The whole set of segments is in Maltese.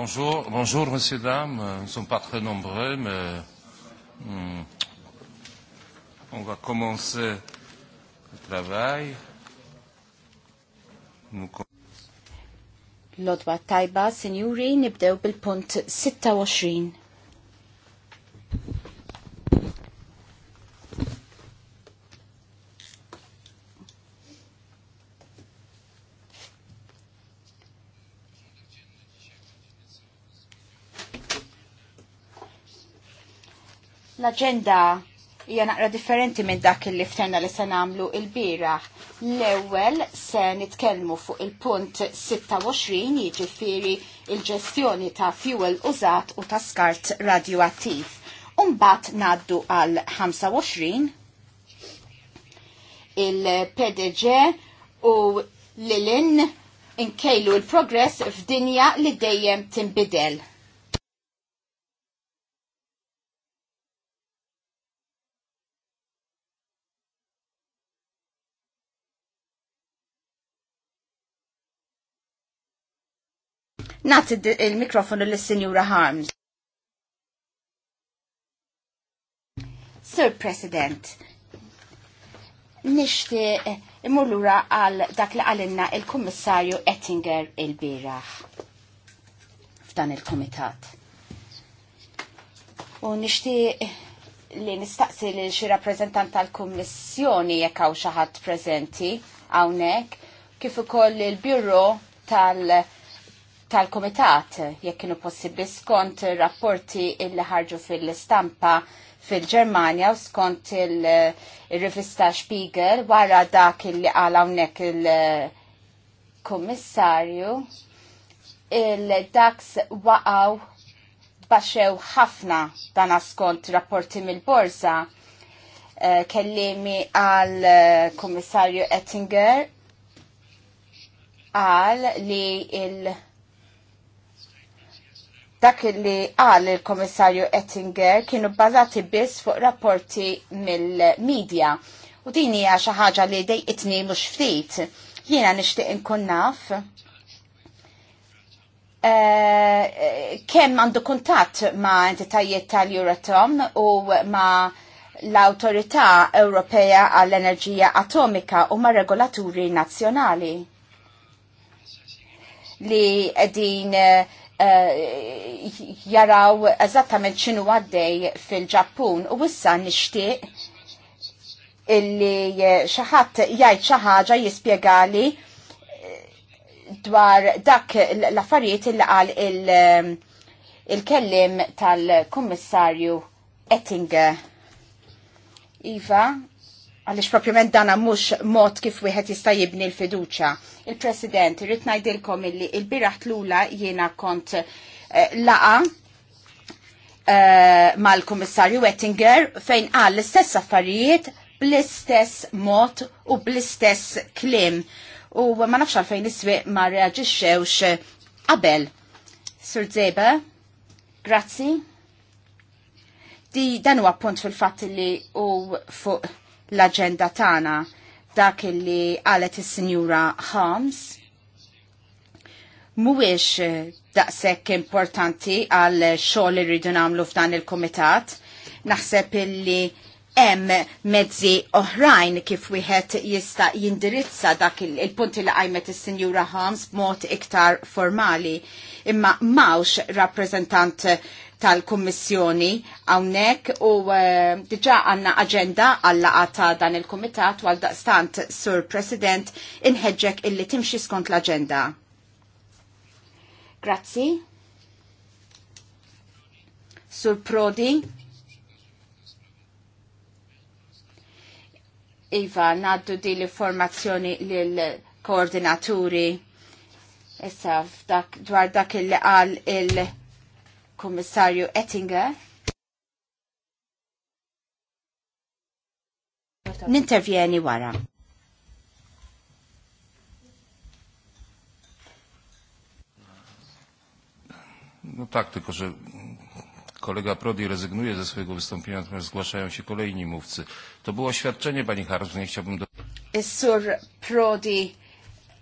Bonjour, bonjour, messieurs, dames. Nous ne sommes pas très nombreux, mais hmm, on va commencer le travail. Nous... L'autre taille Lodwa tajba, sinjuri, pas bil-punt 26 l-agenda hija naqra differenti minn dak li ftenna li se nagħmlu l-bieraħ. L-ewwel se nitkellmu fuq il-punt 26 jiġifieri il-ġestjoni ta' fuel użat u ta' skart radioattiv. Umbat naddu għal 25 il-PDG u l-lin inkejlu il-progress f'dinja li dejjem timbidel Nati il-mikrofonu l-Sinjura Harms. Sir President, nishti eh, imullura għal dak li għalinna il-Kommissarju Ettinger il-biraħ f'dan il-Komitat. U nishti eh, li nistaqsi li xi rappresentant tal-Kummissjoni jekk hawn xi ħadd preżenti hawnhekk kif ukoll il-Biro tal- tal-komitat jekk kienu possibbli skont rapporti illi ħarġu fil-stampa fil-Germania u skont il-rivista Spiegel wara dak illi għala hawnhekk il-kummissarju il-daks waqaw baxew ħafna dan skont rapporti mill-borsa eh, kellimi għal eh, kummissarju Ettinger għal li il- dak li għal il-komissarju Ettinger kienu bazati biss fuq rapporti mill-medja. U din hija xi ħaġa li dejqitni mhux ftit. Jiena nixtieq inkun naf eh, kemm għandu kuntatt ma' entitajiet tal-Euratom u ma' l-Awtorità Ewropea għall-Enerġija Atomika u ma' regolaturi nazzjonali li din uh, eh, Eh, jaraw eżattament x'inhu għaddej fil-Ġappun u issa nixtieq illi eh, xi ħadd jgħid xi ħaġa jispjegali eh, dwar dak l-affarijiet illi qal il-kellim tal-Kummissarju Ettinger. Iva, għalix propjament dana mux mod kif wieħed jista' jibni l-fiduċa. Il-President, irrid ngħidilkom illi l biraħ tlula jiena kont eh, laqa eh, mal-Kummissarju Wettinger fejn qal l-istess affarijiet bl-istess mod u bl-istess klim. U ma nafx għalfejn iswiq ma reaġixxewx qabel. Sur Zeba, grazzi. Di dan huwa punt fil-fatt li u fuq l-agenda tana dak li għalet is sinjura Holmes Mwix eh, daqsek importanti għal xogħol li rridu nagħmlu f'dan il-kumitat. Naħseb li hemm mezzi oħrajn kif wieħed jista' jindirizza dak il-punti il li qajmet is-Sinjura Holmes b'mod iktar formali imma mawx rappreżentant tal-Kommissjoni għawnek u eh, diġa għanna agenda għalla ta' dan il-Komitat għal daqstant Sur President inħedġek illi timxi skont l-agenda. Grazzi. Sur Prodi. Iva, naddu di l-informazzjoni l-koordinaturi. Issa, dwar dak il-qal il-, li -qal il Kommissarju Ettinger. Nintervjeni wara. No tak, tylko że kolega Prodi rezygnuje ze swojego wystąpienia, natomiast zgłaszają się kolejni mówcy. To było oświadczenie pani Harz, nie chciałbym... Do... Sur Prodi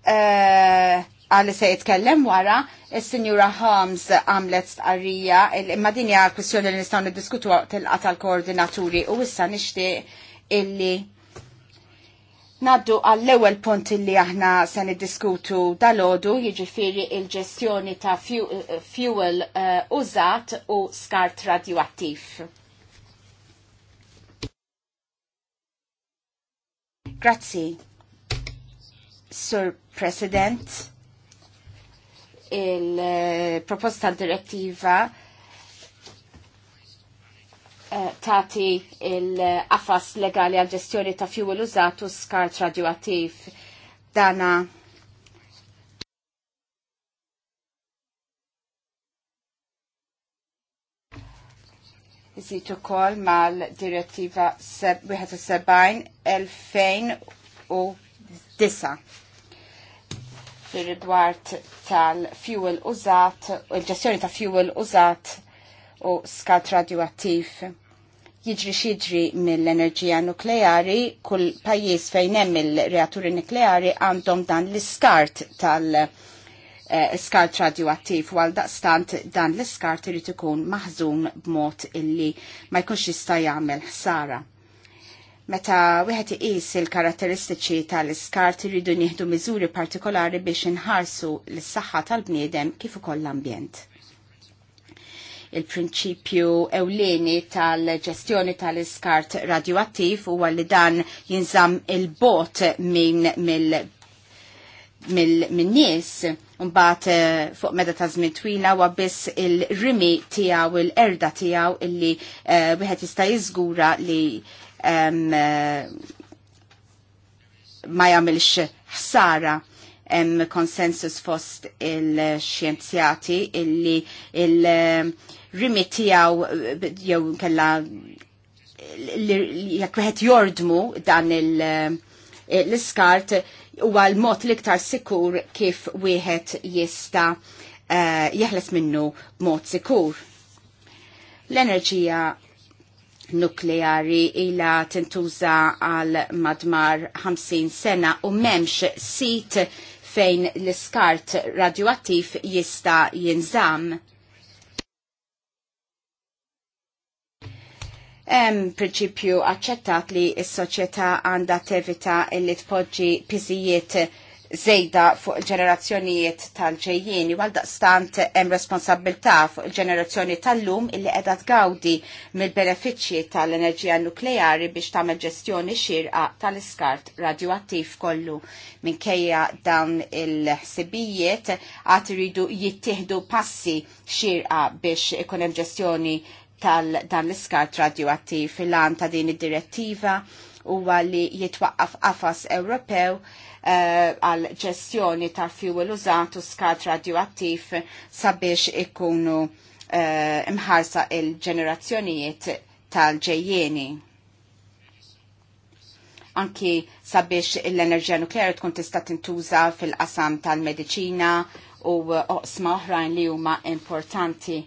uh għalli se jitkellem wara, il-Sinjura Holmes għamlet stqarrija, imma din hija kwistjoni li nistgħu niddiskutu tilqa' tal-koordinaturi u issa nixtieq illi Naddu għall-ewwel punt li aħna se niddiskutu dal-għodu jiġifieri il-ġestjoni ta' eh, fuel eh, użat u skart radioattiv. Grazzi, Sir President il-proposta direttiva eh, tati il affas legali għal ġestjoni ta' fuel użat u skart radioattiv dana Iżitu ukoll mal-direttiva 71 2009 fir-rigward tal-fuel użat, u l-ġestjoni ta' fuel użat u skat radioattiv. Jiġri xidri mill-enerġija nukleari, kull pajjiż fejn hemm il-reaturi nukleari għandhom dan l-iskart tal-skart eh, radioattiv u għaldaqstant dan l-iskart irid ikun maħżum b'mod illi ma jkunx jista' jagħmel ħsara Meta wieħed iqis il-karatteristiċi tal-iskart iridu nieħdu miżuri partikolari biex inħarsu l-saħħa tal-bniedem kif ukoll l-ambjent. Il-prinċipju ewlieni tal-ġestjoni tal-iskart radioattiv huwa li dan jinżamm il-bot minn mill mill-nies mbagħad eh, fuq meta ta' żmien twila huwa biss il-rimi tiegħu il-erda tiegħu illi eh, wieħed jista' jiżgura li Eh, ma jagħmilx ħsara hemm konsensus fost il-xjenzjati illi il-rimi tiegħu jew kella jekk wieħed jordmu dan eh, l-iskart huwa l-mod l-iktar sikur kif wieħed jista' eh, jeħles minnu mod sikur. L-enerġija nukleari ila tintuża għal madmar 50 sena u memx sit fejn l-iskart radioattiv jista jinżam. Em prinċipju aċċettat li s-soċjetà għandha tevita li tpoġġi piżijiet zejda fuq il-ġenerazzjonijiet tal-ġejjieni għal daqstant hemm responsabilità fuq il-ġenerazzjoni tal-lum illi qiegħda tgawdi mill-benefiċċji tal-enerġija nukleari biex tagħmel ġestjoni xirqa tal-iskart radioattiv kollu. Minkejja dawn il-ħsibijiet għad iridu jittieħdu passi xirqa biex ikun hemm ġestjoni tal-dan l-iskart radioattiv fil-għan ta' din id-direttiva huwa li jitwaqqaf qafas Ewropew Eh, għal ġestjoni ta' fuel użat u skat radioattiv sabiex ikunu eh, imħarsa il-ġenerazzjonijiet tal-ġejjeni anki sabiex l-enerġija nukleari tkun tista' tintuża fil-qasam tal-mediċina u oqsma oħrajn li huma importanti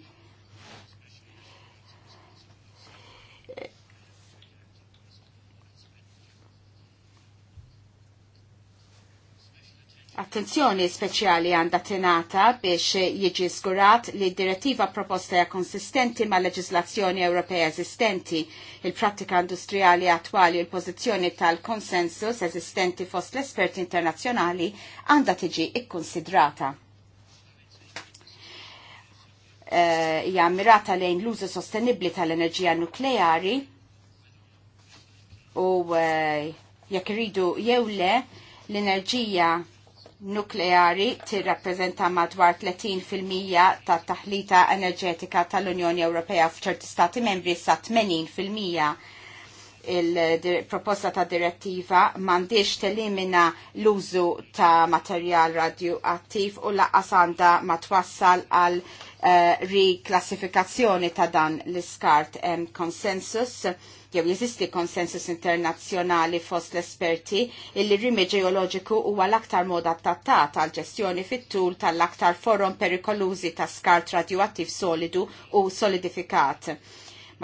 attenzjoni speċjali għanda tenata biex jiġi zgurat li direttiva proposta ja konsistenti ma' leġislazzjoni Ewropea eżistenti, il-prattika industrijali attwali u l-pożizzjoni tal-konsensus eżistenti fost l-esperti internazzjonali għanda tiġi ikkonsidrata. Eh, hija e, mirata lejn l-użu sostenibli tal-enerġija nukleari u uh, jekk iridu jew le l-enerġija nukleari tirrappreżenta madwar 30% tat taħlita enerġetika tal-Unjoni Ewropea f'ċerti stati membri sa 80% il-proposta ta' direttiva mandiġ telimina l-użu ta' materjal radioattiv u laqqas għanda ma twassal għal Eh, riklassifikazzjoni ta' dan l-iskart um, konsensus jew jeżisti konsensus internazzjonali fost l-esperti illi rimi ġeoloġiku huwa l-aktar mod adattat għal ġestjoni fit-tul tal-aktar forum perikolużi ta' skart radioattiv solidu u solidifikat.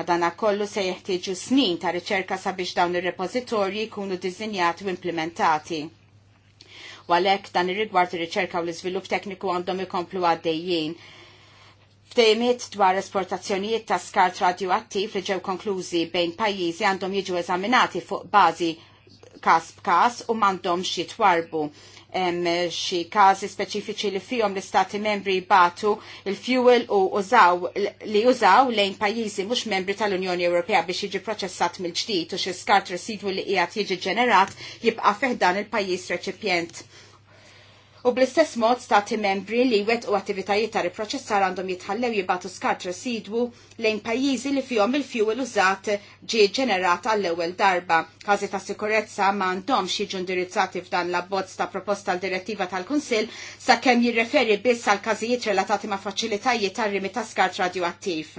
Madana kollu se jeħtieġu snin ta' riċerka sabiex dawn ir-repożitorji jkunu dizzinjati u implementati. Walek dan ir-rigward ir-riċerka u l-iżvilupp tekniku għandhom ikomplu għaddejjien Ftejmiet dwar esportazzjonijiet ta' skart radioattiv li ġew konklużi bejn pajjiżi għandhom jiġu eżaminati fuq bażi kas b'kas u m'għandhomx jitwarbu twarbu xi każi speċifiċi li fihom l-istati membri batu il-fuel u użaw li użaw lejn pajjiżi mhux membri tal-Unjoni Ewropea biex jiġi proċessat mill-ġdid u xi skart residwi li qiegħed jiġi ġenerat jibqa' fih dan il-pajjiż reċipjent u bl-istess mod stati membri li wet u attivitajiet ta' riproċessar għandhom jitħallew jibatu skart residwu lejn pajjiżi li fihom il fjuwel użat ġie ġenerat għall-ewwel darba. Każi ta' sikurezza ma għandhomx jiġu indirizzati f'dan l-abbozz ta' proposta l-direttiva tal-Kunsill sakemm jirreferi biss għal każijiet relatati ma' faċilitajiet tar-rimi ta' skart radioattiv.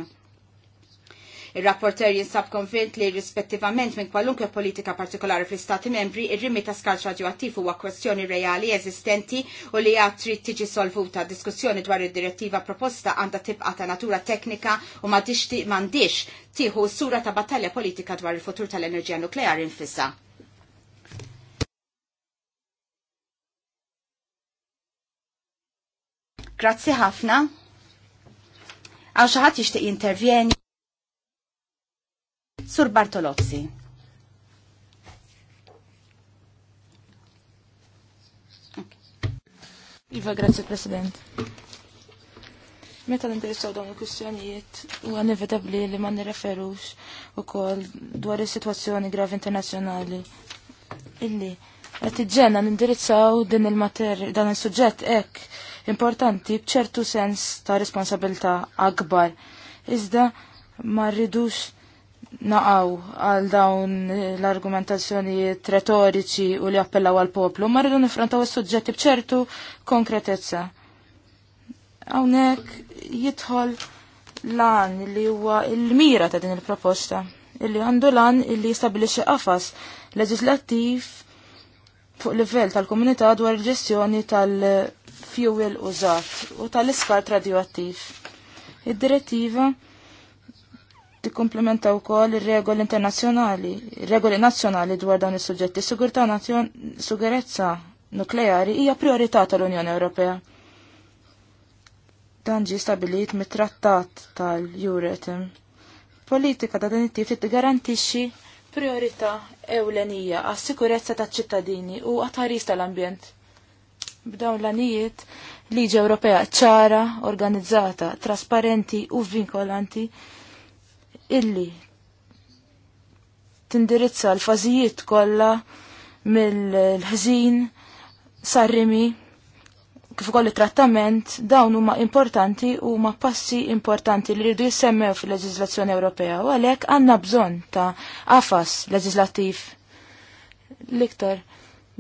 Il-rapporter jinsab konvint li rispettivament minn kwalunkwe politika partikolari fl istati membri, ir-rimi ta' skarċ radioattiv huwa kwestjoni reali eżistenti u li għad trid tiġi solvuta. Diskussjoni dwar id-direttiva proposta għandha tibqa ta' natura teknika u m'għandix tieħu sura ta' battalja politika dwar il-futur tal-enerġija nukleari nfissa. Grazzi ħafna. Għaw xaħat jishtiq intervjeni. Sur Bartolozzi. Iva, grazie President. Meta nindirizzaw dawn il kustjonijiet huwa inevitabli li ma u ukoll dwar is-sitwazzjoni gravi internazzjonali illi qed tiġġenna nindirizzaw din il-mater dan is-suġġett hekk importanti b'ċertu sens ta' responsabilità akbar. Iżda ma rridux naqaw għal dawn l-argumentazzjonijiet retoriċi u li appellaw għal poplu, ma rridu nifrantaw is-suġġetti bċertu konkretezza. Għawnek jidħol lan li huwa il-mira ta' din il-proposta, illi għandu lan illi jistabilixi qafas leġislattiv fuq livell tal-komunità dwar il-ġestjoni tal-fuel użat u tal-iskart radioattiv. Id-direttiva tikkumplementa wkoll ir-regoli internazzjonali, regoli nazzjonali dwar dawn is-suġġetti. Sigurtà sigurezza nukleari hija priorità tal-Unjoni Ewropea. Dan ġi stabilit mit-trattat tal-Juretim. Politika ta' dan it-tip tigarantixxi priorità ewlenija għas sikurezza taċ-ċittadini u għat tal-ambjent. B'dawn l-anijiet, liġi Ewropea ċara, organizzata, trasparenti u vinkolanti illi tindirizza l fazijiet kollha mill-ħżin sarrimi kif ukoll it-trattament dawn huma importanti u huma passi importanti li rridu jissemmew fil-leġiżlazzjoni Ewropea u għalhekk għandna bżonn ta' afas leġislattiv l-iktar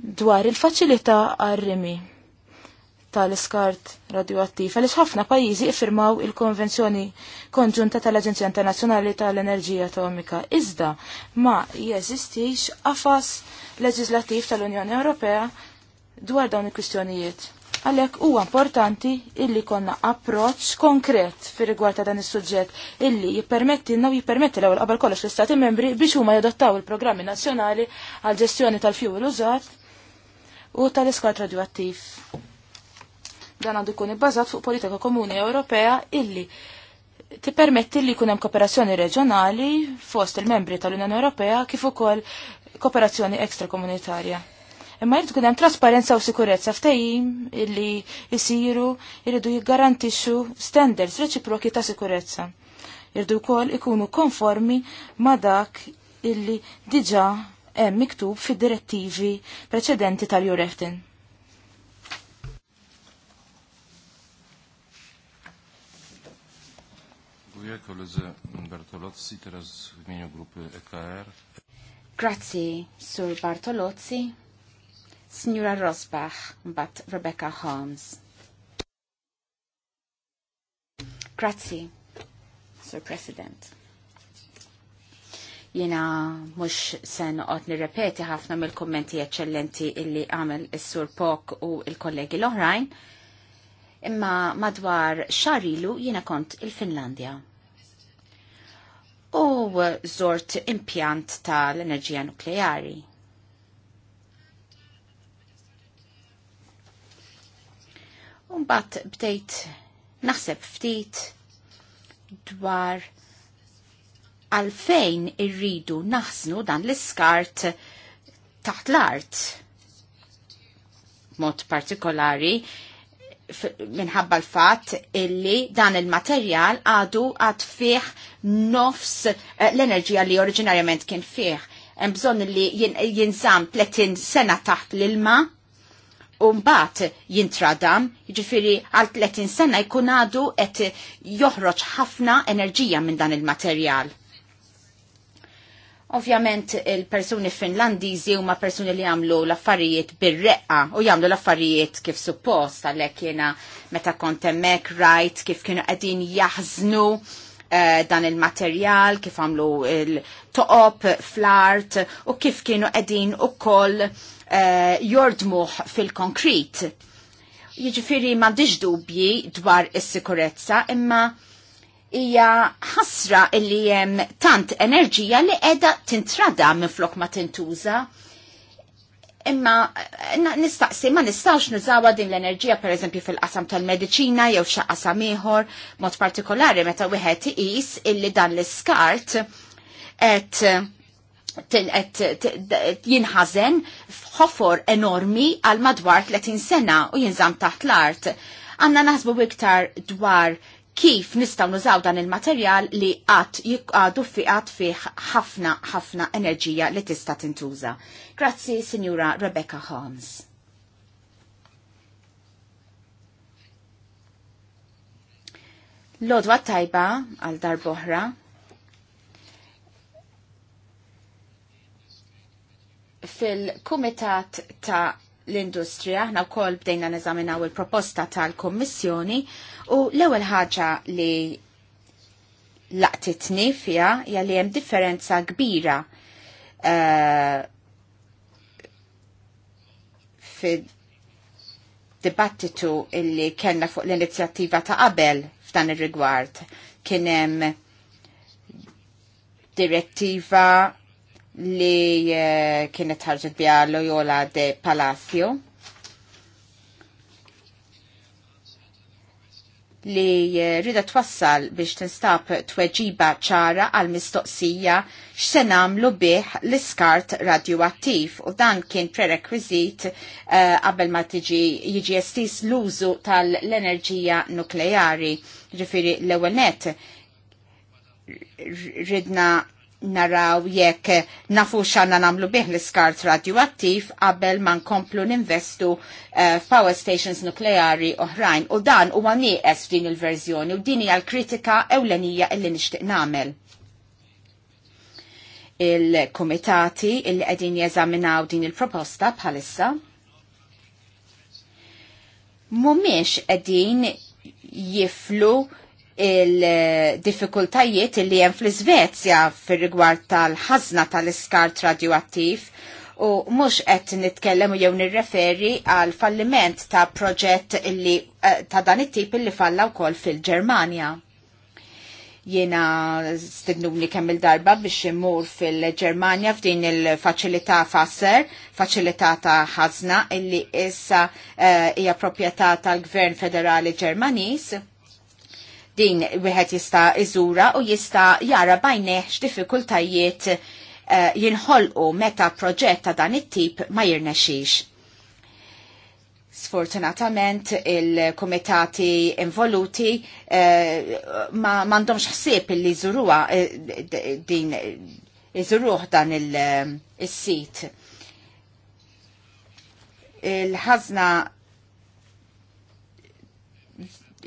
dwar il-faċilità għar-rimi tal-iskart radioattiv għaliex ħafna pajjiżi iffirmaw il-Konvenzjoni Konġunta tal-Aġenzija Internazzjonali tal-Enerġija Atomika. Iżda ma jeżistix għafas leġislattiv tal-Unjoni Ewropea dwar dawn il-kwistjonijiet. Għalhekk huwa importanti illi konna approċċ konkret fir rigward ta' dan is-suġġett illi jippermettilna u jippermetti l-ewwel qabel kollox l-Istati membri biex huma jadottaw il-programmi nazzjonali għal ġestjoni tal-fjuwil użat u tal-iskart radioattiv dan għandu jkun ibbażat fuq politika komuni Ewropea illi tippermetti li jkun hemm kooperazzjoni reġjonali fost il-membri tal-Unjoni Ewropea kif ukoll kooperazzjoni ekstrakomunitarja. Imma jrid tkun hemm trasparenza u sikurezza ftehim illi jsiru jridu jiggarantixxu standards reċiproki ta' sikurezza. Irdu wkoll ikunu konformi ma' dak illi diġà hemm miktub fid-direttivi preċedenti tal-Jureftin. Dziękuję koledze Bartolozzi, teraz w imieniu grupy EKR. Grazie, Sur Bartolozzi, Signora Rosbach, bat Rebecca Holmes. Grazie, Sur President. Jena mux sen qot nirrepeti ħafna mill-kommenti eccellenti illi għamel is-Sur Pok u il-kollegi l-oħrajn imma madwar xarilu jiena kont il-Finlandja u zort impjant tal-enerġija nukleari. Umbat bdejt naħseb ftit dwar għalfejn irridu naħsnu dan l-iskart taħt l-art. Mod partikolari minħabba l-fat illi dan il-materjal għadu għad fieħ nofs eh, l-enerġija li oriġinarjament kien fih. Hemm bżonn li jinżam 30 sena taħt l-ilma u mbagħad jintradam, jiġifieri għal 30 sena jkun għadu qed joħroġ ħafna enerġija minn dan il-materjal. Ovvjament il-persuni finlandizi huma persuni li għamlu l-affarijiet bir-reqqa u jagħmlu l-affarijiet kif suppost għalhekk jiena meta kont hemmhekk rajt kif kienu qegħdin jaħznu eh, dan il-materjal, kif għamlu il-toqob fl-art u kif kienu qegħdin ukoll uh, eh, jordmuh fil-konkrit. Jiġifieri m'għandix dubji dwar is-sikurezza imma hija ħasra illi hemm tant enerġija li qiegħda tintrada minflok ma tintuża. Imma nistaqsi ma nistax nużawa din l-enerġija pereżempju fil-qasam tal-mediċina jew xi qasam ieħor mod partikolari meta wieħed iqis illi dan l-iskart qed jinħażen f'ħofor enormi għal madwar 30 sena u jinżam taħt l-art għanna naħsbu iktar dwar kif nistaw nużaw dan il-materjal li għad jikqadu fi għad fi ħafna ħafna enerġija li tista tintuża. Grazzi, Signora Rebecca Holmes. Lodwa tajba għal darboħra. Fil-Kumitat ta' l-industrija, aħna wkoll bdejna neżaminaw il-proposta tal-Kommissjoni u l-ewwel ħaġa li laqtitni fija hija li hemm differenza kbira eh, fid-dibattitu illi kellna fuq l-inizjattiva ta' qabel f'dan ir-rigward kien hemm direttiva li eh, kienet ħarġet bija Loyola de Palacio li eh, rida twassal biex tinstab tweġiba ċara għal mistoqsija x'se nagħmlu bih l-iskart radioattiv u dan kien prerekwiżit eh, qabel uh, ma tiġi jiġi estis l-użu tal-enerġija nukleari ġifiri l-ewwel ridna naraw jekk nafu xanna namlu bih l-iskart radioattiv qabel ma nkomplu ninvestu uh, power stations nukleari oħrajn. U dan huwa nieqes f'din il-verżjoni u din hija l-kritika ewlenija illi nixtieq nagħmel il-komitati il qegħdin jeżaminaw din il-proposta bħalissa. Mumiex qegħdin jiflu il-diffikultajiet li hemm fl-Iżvezja fir-rigward tal ħazna tal-iskart radioattiv u mhux qed nitkellem jew nirreferi għal falliment ta' proġett li eh, ta' dan it-tip li falla wkoll fil-Ġermanja. Jiena stidnuni kemm il-darba biex immur fil-Ġermanja f'din il-faċilità fasser, faċilità ta' ħazna illi issa eh, hija uh, proprjetà tal-Gvern Federali Ġermaniż Din wieħed jista' iżura u jista' jara bajneħ x'diffikultajiet eh, jinħolqu meta proġett ta' dan it-tip ma jirnexix. Sfortunatament il-komitati involuti eh, ma mandomx ħsieb li żuruha eh, din iżuruh dan il-sit. il sit il ħazna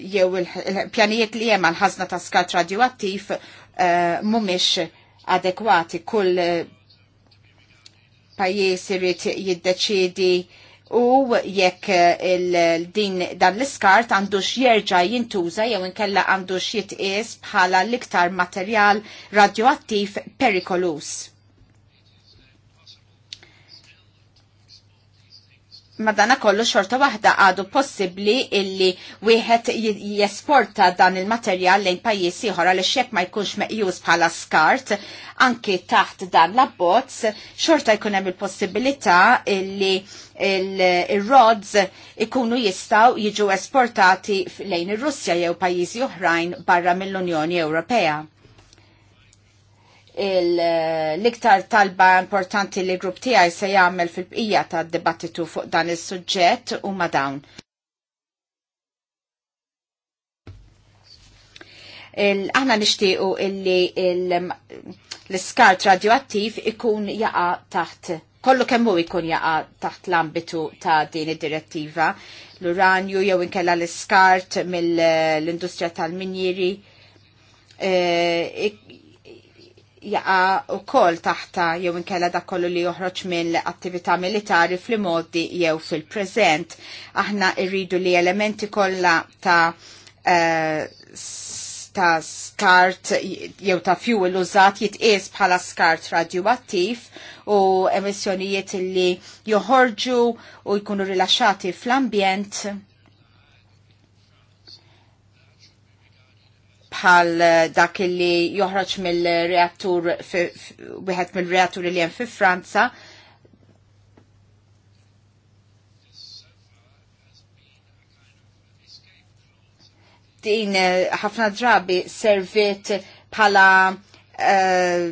jew il-pjanijiet li hemm l ħazna ta' skat radioattiv eh, mhumiex adekwati kull eh, pajjiż irid jiddeċiedi u jekk eh, din dan l-iskart għandux jerġa jintuża jew inkella għandux jitqies bħala l-iktar materjal radioattiv perikolus. madana kollu xorta waħda għadu possibli illi wieħed jesporta dan il-materjal lejn pajjiż ieħor għal xek ma jkunx meqjus bħala skart anki taħt dan l-abbozz xorta jkun hemm il-possibilità illi il-rods ikunu jistaw jiġu esportati lejn ir-Russja jew pajjiżi oħrajn barra mill-Unjoni Ewropea l-iktar talba importanti li grupp tiegħi se jagħmel fil-bqija tad-dibattitu fuq dan is-suġġett huma dawn. aħna nishtiqu illi l-skart radioattiv ikun jaqa taħt, kollu kemmu ikun jaqa taħt l-ambitu ta' din id-direttiva, l-uranju jew inkella l-skart mill-industrija tal-minjiri, eh, jaqa u kol taħta jew inkella da kollu li joħroġ mill attività militari fl-modi jew fil-prezent. Aħna irridu li elementi kollha ta' uh, ta' skart jew ta' fuel użat jitqies bħala skart radioattiv u emissjonijiet li joħorġu u jkunu rilaxxati fl-ambjent bħal eh, dak li joħroġ mill-reattur wieħed mill-reattur li hemm fi Franza. Din eh, ħafna drabi serviet bħala uh,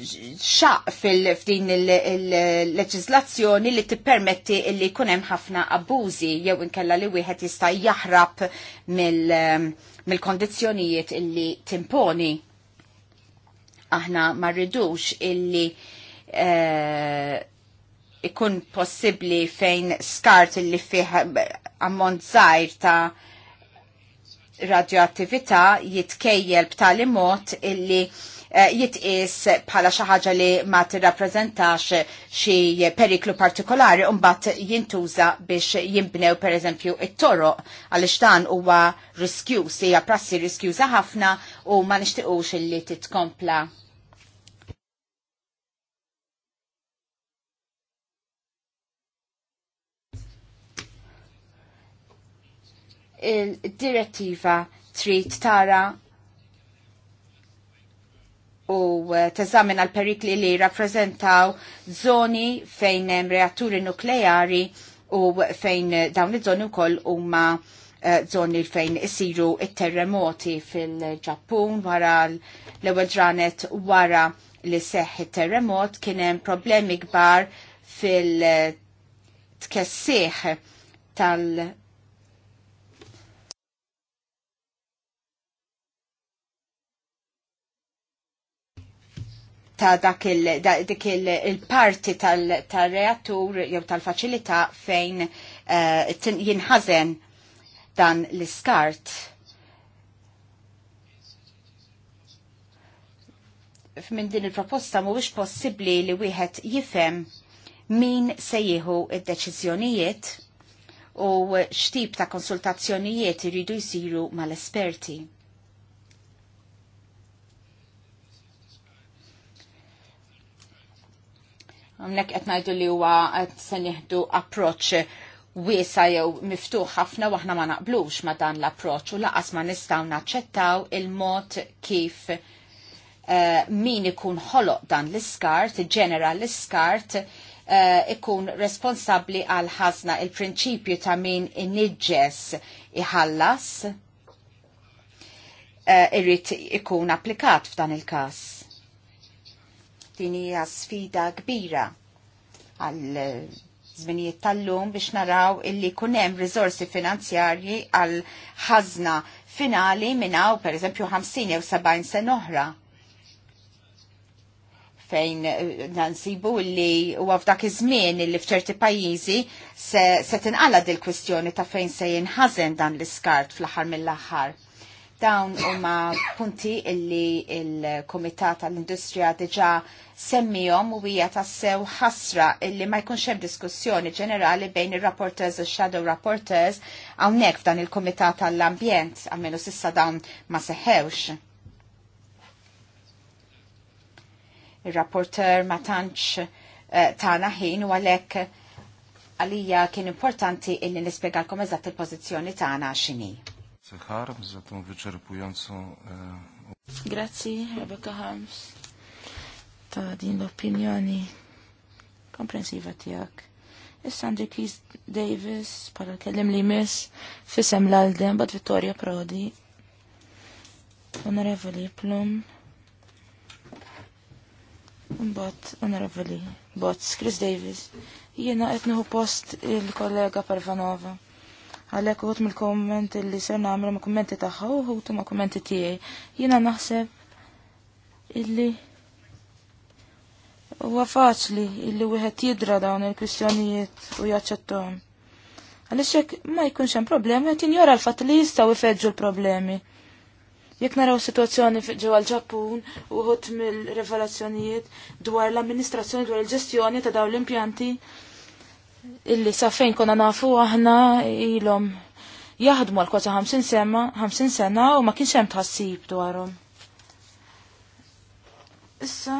xaq fil-fdin il-leġizlazzjoni li tippermetti li kunem ħafna abbużi jew inkella li wieħed jista' jaħrab ehm, mill-kondizzjonijiet illi timponi. Aħna ma rridux illi eh, ikun possibli fejn skart illi fih ammont zaħir ta' radioattività jitkejjel b'tali mod illi Eh, jitqis bħala xi ħaġa li ma tirrappreżentax xi periklu partikolari u mbagħad jintuża biex jinbnew pereżempju it-toroq għaliex dan huwa riskjuż hija prassi riskjuża ħafna u ma nixtiequx illi titkompla. il-direttiva trid tara u eh, teżamina l-perikli li rappresentaw zoni fejn hemm reatturi nukleari u fejn eh, dawn iż-żoni wkoll huma zoni eh, fejn isiru it-terremoti fil-Ġappun wara l-ewwel ġranet wara li seħħ it-terremot kien hemm problemi kbar fil-tkessieħ tal- ta' dak dik il-parti tal-reattur jew tal-faċilità fejn eh, jinħazen dan l-iskart. F'min din il-proposta mhuwiex possibbli li wieħed jifhem min se jieħu id-deċiżjonijiet u x'tip ta' konsultazzjonijiet iridu jsiru mal-esperti. Mnek qed ngħidu li huwa għed se nieħdu approċċ wiesa jew miftuħ ħafna waħna ma naqblux ma dan l-approċċ u laqas ma nistgħu naċċettaw il-mod kif eh, min ikun ħoloq dan l-iskart, ġenera l-iskart, eh, ikun responsabli għal ħazna il-prinċipju ta' min inniġġes iħallas eh, irrit ikun applikat f'dan il-kas din hija sfida kbira għal żminijiet tal-lum biex naraw illi kun hemm riżorsi finanzjarji għal ħażna finali minnaw per eżempju 50 jew 70 sen oħra fejn eh, nansibu li u f'dak iż-żmien li f'ċerti pajjiżi se, se tinqala dil-kwistjoni ta' fejn se jinħażen dan l-iskart fl-aħħar mill-aħħar Dawn huma punti illi il-Komitat tal-Industrija diġa semmihom u hija tassew ħasra illi ma jkunx hemm diskussjoni ġenerali bejn ir-rapporters u shadow rapporters hawnhekk f'dan il-Kumitat tal-Ambjent għalmenu sissa dawn ma seħħewx. Ir-rapporter ma tantx eh, tagħna ħin u għalhekk għalija kien importanti illi nispjegalkom eżatt il-pożizzjoni tagħna x'inhi. Harms za tą wyczerpującą... E, Grazzi, Rebecca Harms, ta' din l-opinjoni komprensiva tijak. Sandra sandri Keys Davis, pala kellim li mis, fisem l-Alden, bad Vittoria Prodi, Onorevoli Plum, Bot, onorevoli, Bots, Chris Davis, jiena etnuhu post il-kollega Parvanova. Għalhekk uħut mill-komment li ser nagħmlu ma' kummenti tagħha uħut ma' kummenti tiegħi. Jiena naħseb illi huwa faċli illi wieħed jidra dawn il-kwistjonijiet u jaċċettom. Għaliex hekk ma jkunx hemm problemi qed jinjora l-fatt li jistgħu ifeġġu l-problemi. Jekk naraw situazzjoni ġewwa għal ġappun uħut mill-revelazzjonijiet dwar l-amministrazzjoni dwar il-ġestjoni ta' dawn l-impjanti, illi sa fejn konna nafu aħna ilhom jaħdmu għal kważi 50 sena, 50 sena u ma kienx hemm tħassib dwarhom. Issa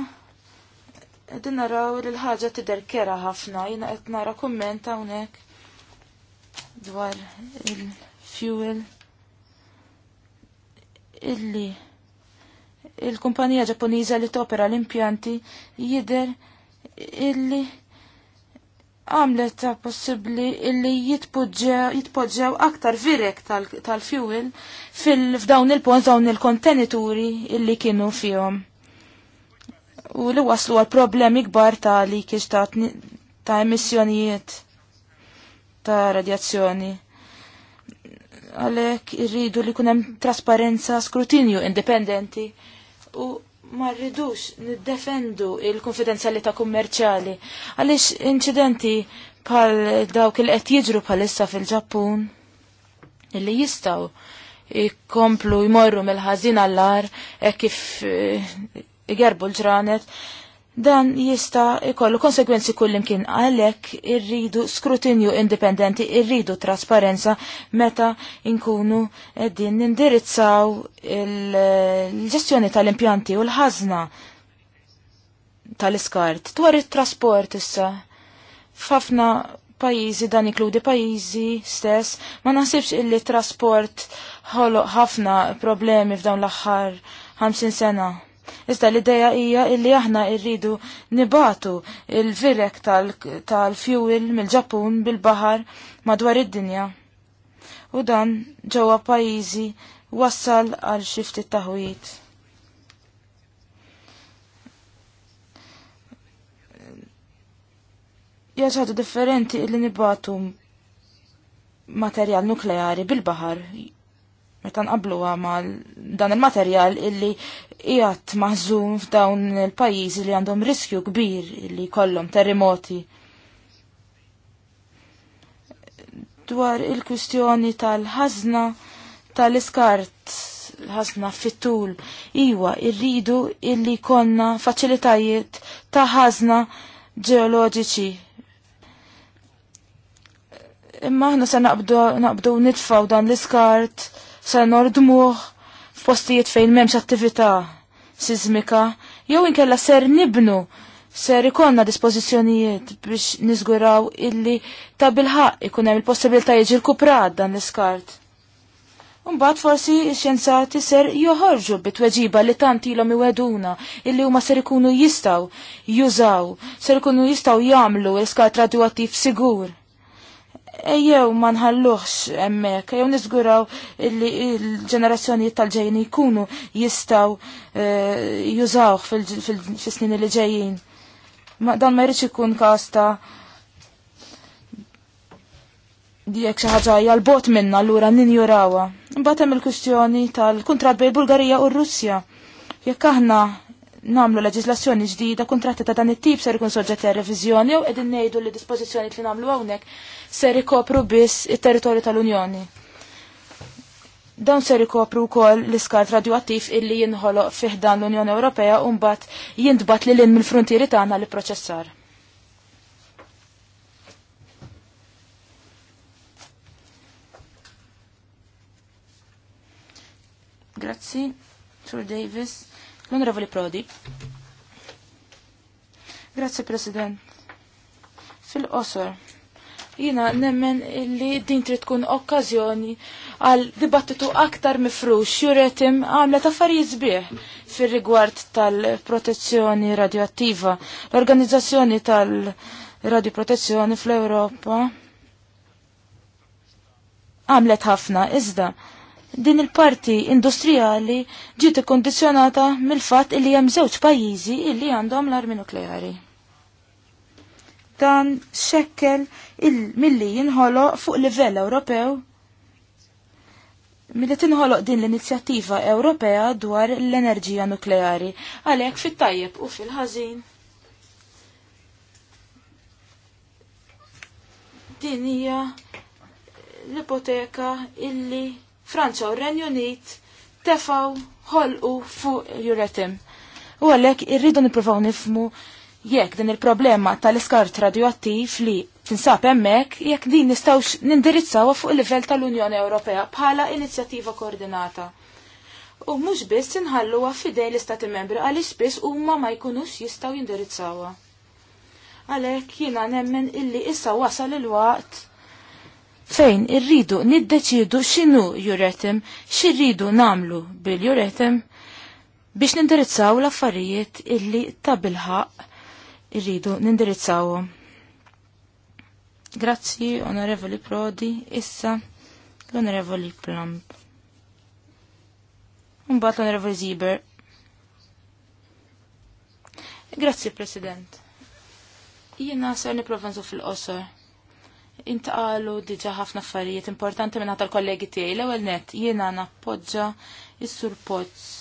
qegħdin naraw li l-ħaġa tidher kera ħafna, jiena qed nara kumment hawnhekk dwar il-fuel illi il-kumpanija ġapponiża li topera l-impjanti jidher illi għamlet possibli illi jitpoġġew aktar virek tal-fuel fdawn il-pont dawn il-kontenituri illi kienu fihom. U li waslu għal problemi kbar ta' li kiex ta' emissjonijiet ta' radjazzjoni. Għalek irridu li kunem trasparenza, skrutinju indipendenti u ma rridux niddefendu il-konfidenzjalità kummerċjali għaliex incidenti bħal dawk il qed jiġru bħalissa fil-Ġappun illi jistaw jkomplu jmorru mill ħazina għall-ar e kif eh, igerbu l-ġranet Dan jista' jkollu konsekwenzi kullimkien għalhekk irridu skrutinju indipendenti, irridu trasparenza meta nkunu qegħdin nindirizzaw il-ġestjoni tal-impjanti u l ħazna tal-iskart. Dwar it-trasport issa. F'ħafna pajjiżi dan ikludi pajjiżi stess, ma naħsibx illi trasport ħafna problemi f'dawn l-aħħar 50 sena Iżda l-ideja hija illi aħna rridu nibatu il-virek tal-fuel mill-Ġappun bil-baħar madwar id-dinja. U dan ġewwa pajjiżi wassal għal it taħwit. Jaċadu differenti illi nibatu materjal nukleari bil-bahar meta nqabluha mal dan il-materjal illi jgħat maħżum f'dawn il-pajjiżi li għandhom riskju kbir illi jkollhom terremoti. Dwar il-kwistjoni tal-ħażna tal-iskart ħażna fit-tul. Iwa, irridu illi konna faċilitajiet ta' ħażna ġeoloġiċi imma ħna se naqbdu nitfaw dan l-iskart Sa nordmuh f'postijiet fejn m'hemmx attività sizmika jew inkella ser nibnu ser ikonna dispożizzjonijiet biex niżguraw illi ta' bilħaq ikun hemm il-possibilità jiġi l-kuprad dan l-iskart. Mbagħad forsi x-xjenzati ser joħorġu bitweġiba li tant ilhom iweduna illi huma ser ikunu jistgħu jużaw, ser ikunu jistgħu jagħmlu l-iskart radioattiv sigur ejjew ma nħalluħx hemmhekk, ejjew niżguraw li l-ġenerazzjonijiet tal-ġejjin jkunu jistgħu eh, jużawh fil-snin li ġejjin. Ma dan ma jridx ikun każ jekk xi ħaġa hija bot minna allura ninjurawha. Mbagħad hemm il-kwistjoni tal-kuntratt bejn Bulgarija u r-Russja. Jekk aħna namlu leġislazzjoni ġdida, kontratti ta' dan it-tip ser ikun soġġetti għal revizjoni u qegħdin ngħidu li dispożizzjoni li nagħmlu hawnhekk ser ikopru biss it-territorju tal-Unjoni. Dawn ser ikopru wkoll l-iskart radioattiv illi jinħoloq fih dan l-Unjoni Ewropea u mbagħad jintbat lil hinn mill-frontieri tagħna li proċessar. Grazzi, Sir Davis l Prodi. Grazie, President. Fil-qosor, jina nemmen li din trid tkun okkażjoni għal dibattitu aktar mifrux juretim għamlet affarijiet sbieħ fir-rigward tal-protezzjoni radioattiva. L-organizzazzjoni tal-radioprotezzjoni fl-Ewropa għamlet ħafna iżda din il-parti industrijali ġiet kondizjonata mill-fatt illi hemm żewġ pajjiżi illi għandhom l-armi nukleari. Dan xekkel il-milli jinħoloq fuq livell Ewropew Milli tinħoloq din l-inizjattiva Ewropea dwar l-enerġija nukleari, għalhekk fit-tajjeb u fil-ħażin. Din hija l-ipoteka illi Franċa u Renju Unit tefaw ħolqu fuq juretim. U għalhekk irridu nippruvaw nifmu jekk din il-problema tal-iskart radioattiv li tinsab hemmhekk jekk din nistgħux nindirizzawha fuq il-livell tal-Unjoni Ewropea bħala inizjattiva koordinata. U mhux biss inħalluha fidej l-Istati Membri għaliex biss huma ma jkunux jistgħu jindirizzawha. Għalhekk jiena nemmen illi issa wasal il-waqt fejn irridu niddeċidu x'inhu juretem x'irridu namlu bil juretem biex nindirizzaw l-affarijiet illi ta' bilħaq irridu nindirizzawhom. Grazzi, Onorevoli Prodi, issa l-Onorevoli Plump. Unbat l-Onorevoli Ziber. Grazzi, President. Jiena ser niprofa fil-qosor intqalu diġa ħafna affarijiet importanti minn ħata l-kollegi tiegħi. L-ewwel net jiena nappoġġa is-Sur Pozz.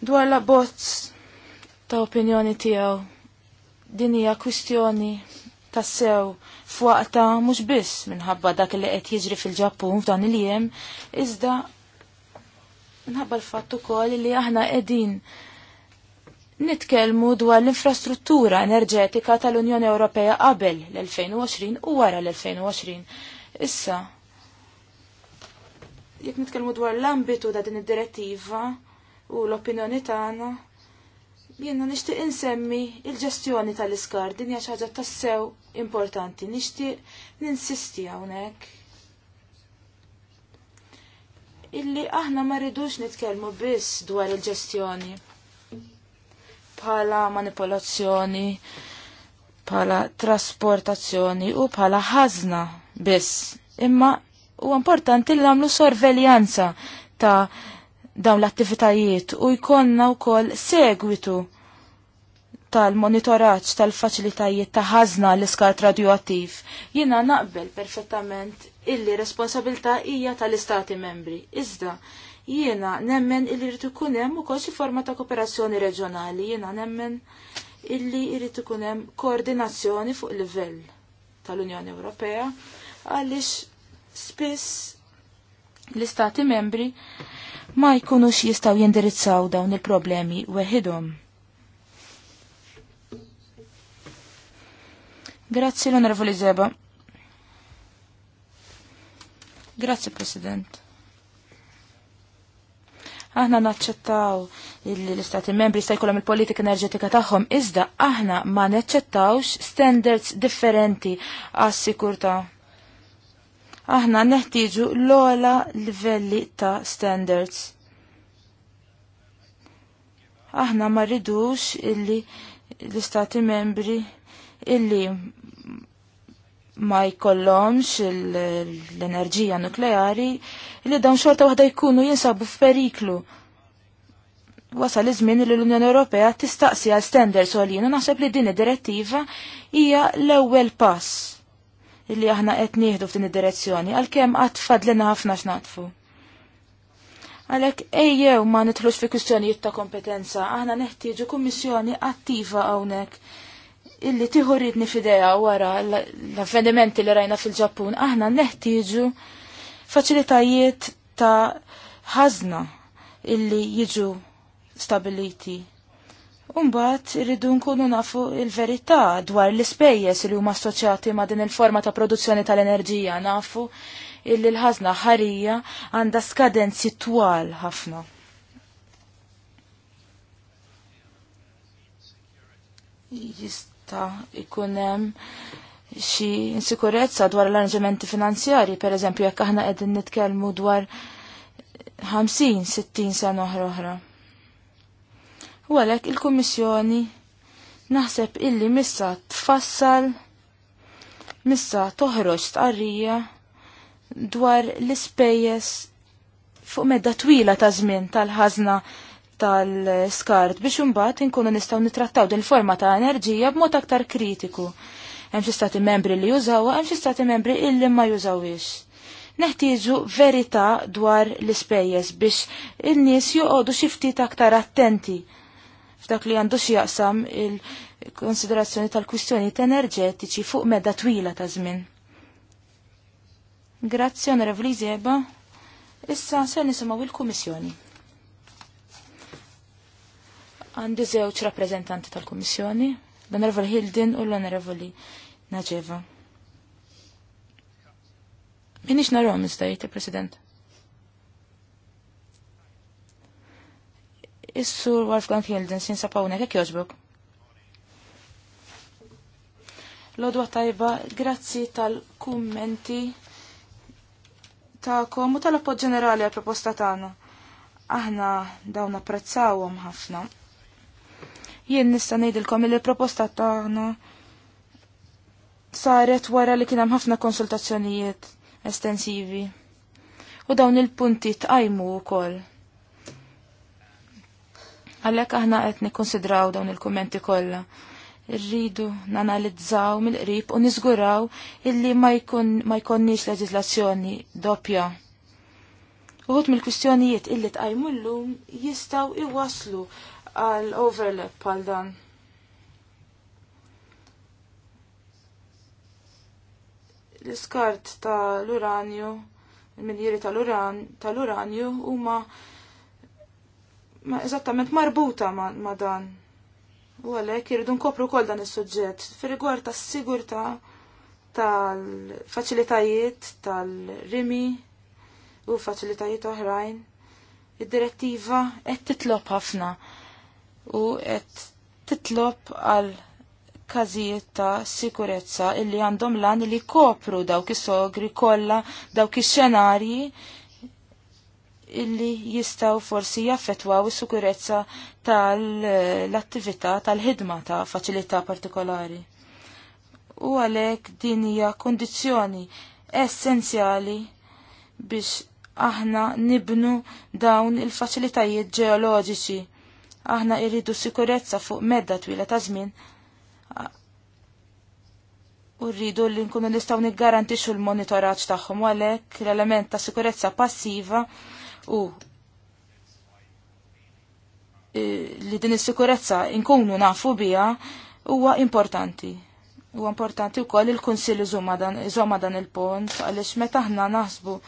Dwar la bozz ta' opinjoni tiegħu din hija kwistjoni tassew fuqta mhux biss minħabba dak li qed jiġri fil-Ġappun f'dan il-jiem, iżda minħabba l-fatt ukoll li aħna qegħdin nitkellmu dwar l-infrastruttura enerġetika tal-Unjoni Ewropea qabel l-2020 u wara l-2020. Issa, jekk nitkellmu dwar l-ambitu ta' din id-direttiva u l-opinjoni tagħna, jiena nixtieq insemmi il-ġestjoni tal-iskar din hija xi ħaġa tassew importanti, nixtieq ninsisti hawnhekk illi aħna ma rridux nitkellmu biss dwar il-ġestjoni bħala manipolazzjoni, bħala trasportazzjoni u bħala ħazna biss. Imma u importanti li għamlu sorveljanza ta' dawn l-attivitajiet u jkollna wkoll segwitu tal-monitoraġġ tal-faċilitajiet ta' ħazna l-iskart radioattiv. Jiena naqbel perfettament illi responsabilta hija tal-istati membri. Iżda, jiena nemmen illi rrid ikun hemm ukoll xi forma ta' kooperazzjoni reġjonali, jiena nemmen illi rrid ikun hemm koordinazzjoni fuq livell tal-Unjoni Ewropea għaliex spiss l-istati membri ma jkunux jistaw jindirizzaw dawn il-problemi weħidhom. Grazzi l-Onorevoli Zeba. Grazzi, President. Aħna naċċettaw l-istati membri sta jkollhom il-politika enerġetika tagħhom, iżda aħna ma neċċettawx standards differenti għas-sikurtà. Aħna neħtieġu l-ola livelli ta' standards. Aħna ma rridux illi l-istati membri illi ma jkollhomx l-enerġija nukleari li dawn xorta waħda jkunu jinsabu f'periklu. Wasal iż-żmien li l-Unjoni Ewropea tistaqsi għal standards għalin naħseb li din id-direttiva hija l-ewwel pass li aħna qed nieħdu f'din id-direzzjoni għalkemm qatt fadlina ħafna x'naqfu. Għalhekk ejjew ma nidħlux fi kwistjonijiet ta' kompetenza, aħna neħtieġu kummissjoni attiva hawnhekk illi tiħorridni fideja wara l-avvenimenti li rajna fil-Ġappun, aħna neħtiġu faċilitajiet ta' ħazna illi jiġu stabiliti. Umbat irridu nkunu nafu il-verità dwar l-ispejjeż li huma assoċjati ma' din il-forma ta' produzzjoni tal-enerġija nafu illi l ħazna ħarija għandha skadenzi twal ħafna. Jist Ta' ikun hemm xi insikurezza dwar l-arranġamenti finanzjarji, pereżempju jekk aħna qegħdin nitkellmu dwar 50-60 sena oħra oħra. U għalhekk il-Kummissjoni naħseb illi missa tfassal missa toħroġ tqarrija dwar l-ispejjeż fuq medda twila ta' żmien tal-ħażna tal-skart biex imbagħad inkunu nistgħu nitrattaw din forma ta' enerġija b'mod aktar kritiku. Hemm xi stati membri li jużawha, hemm xi stati membri illi ma jużawiex neħtieġu verità dwar l-ispejjeż biex in-nies joqogħdu xi ftit aktar attenti f'dak li għandu xi jaqsam il-konsiderazzjoni tal-kwistjonijiet enerġetiċi fuq medda twila ta' żmien. Grazzi Onorevoli Zeba. Issa se nisimgħu il-Kummissjoni. Għandi żewġ rappreżentanti tal-Kummissjoni, l-Onorevoli Hildin u l-Onorevoli Naġeva. Minix narom iżdajt, President. Is-sur Wolfgang Hildin sin sapawnek kek jogħġbok. Lodwa tajba, grazzi tal-kummenti ta'kom u tal-appoġġ ġenerali għal proposta tagħna. Aħna dawn apprezzawhom ħafna. Jien nista' ngħidilkom li l-proposta tagħna saret wara li kien hemm ħafna konsultazzjonijiet estensivi. U dawn il-punti tqajmu wkoll. Għalhekk aħna qed nikkonsidraw dawn il-kummenti kollha. Irridu nanalizzaw mill-qrib u niżguraw illi ma jkunniex leġislazzjoni doppja. Uħut mill-kwistjonijiet illi tqajmu llum jistgħu iwaslu għal overlap għal dan. L-iskart tal-uranju, il-minjeri tal-uranju huma ma eżattament marbuta ma, ma dan. U għalek irridu nkopru kol dan is-suġġett fir-rigward tas-sigurta tal-faċilitajiet tal-rimi u faċilitajiet oħrajn. Id-direttiva qed titlob ħafna u qed titlob għal każijiet ta' sikurezza illi għandhom lan li kopru dawk is-sogri kollha dawk is xenarji illi jistaw forsi jaffetwaw is-sikurezza tal-attività tal-ħidma ta' faċilità partikolari. U għalhekk din hija kondizzjoni essenzjali biex aħna nibnu dawn il-faċilitajiet ġeoloġiċi Aħna irridu sikurezza fuq medda twila ta' żmien. U rridu li nkunu nistgħu niggarantixxu l-monitoraġġ tagħhom u għalhekk l-element ta' sikurezza passiva u e, li din is-sikurezza nkunu nafu biha huwa importanti. U importanti wkoll il-Kunsill iżomma dan, dan il-pont għaliex meta aħna naħsbu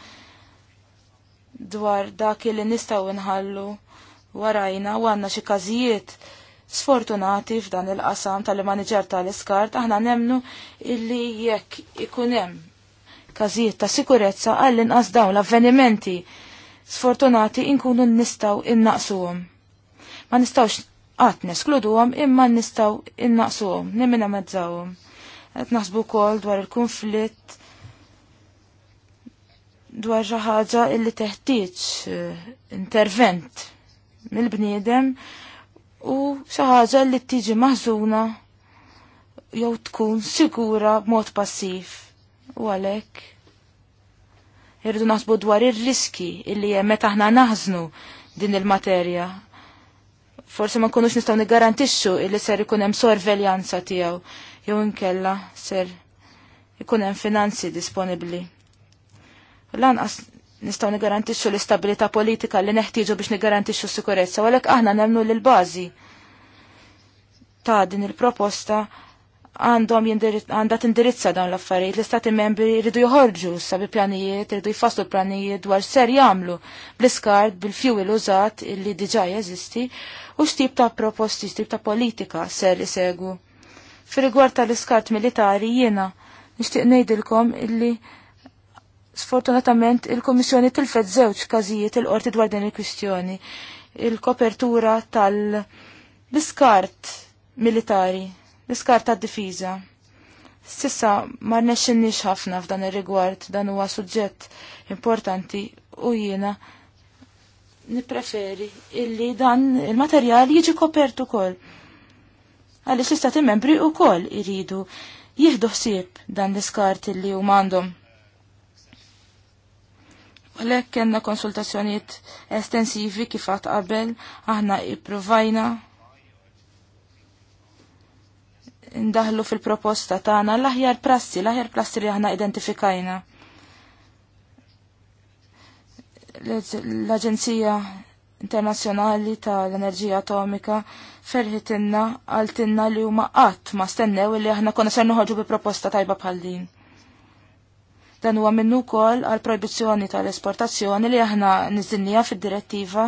dwar dak li nistgħu nħallu warajna u għanna xi każijiet sfortunati f'dan il-qasam tal maniġer tal-iskart, aħna nemnu illi jekk ikun hemm każijiet ta' sikurezza għall-inqas dawn l-avvenimenti sfortunati inkunu nistaw innaqsuhom. Ma nistawx qatt neskluduhom imma nistaw innaqsuhom, nimmina mezzawhom. Qed naħsbu wkoll dwar il kunflitt dwar xi ħaġa illi teħtieġ eh, intervent mill-bniedem u xaħġa li li tiġi maħżuna jew tkun sigura b'mod passiv. U għalhekk irridu naħsbu dwar ir-riski illi hemm meta aħna naħżnu din il-materja. Forsi ma nkunux nistgħu niggarantixxu illi ser ikun hemm sorveljanza tiegħu jew inkella ser ikun hemm finanzi disponibbli nistaw nigarantixxu l-istabilità politika li neħtieġu biex nigarantixxu s-sikurezza, u għalhekk aħna nemmnu l bażi ta' din il-proposta għandhom għandha tindirizza dawn l-affarijiet. L-istati membri jridu joħorġu sabi bi pjanijiet, jridu jfasslu pjanijiet dwar ser jagħmlu bl-iskard bil-fjuwil użat illi diġà jeżisti u x'tip ta' proposti, x'tip ta' politika ser isegu. Fi rigward tal-iskart militari jiena nixtieq ngħidilkom illi Sfortunatament il-Komissjoni tilfet żewġ każijiet il-qorti dwar din il-kwistjoni. Il-kopertura tal-diskart militari, diskart tad-difiża. Sissa ma rnexxinniex ħafna f'dan ir-rigward dan huwa suġġett importanti u jiena nippreferi illi dan il-materjal jiġi kopert ukoll. Għaliex l-istati membri wkoll iridu jieħdu ħsieb dan l-iskart illi huma għandhom. Għalek kena konsultazzjoniet estensivi kifat qabel, aħna ipprovajna ndaħlu fil-proposta tagħna l-aħjar prassi, l-aħjar prassi li aħna identifikajna. L-Aġenzija Internazzjonali tal-Enerġija Atomika ferħitinna għaltinna li huma qatt ma stennew li aħna konna ser noħorġu bi proposta tajba bħal din. Dan huwa minnu wkoll għal proibizjoni tal-esportazzjoni li aħna nizinnija fid-direttiva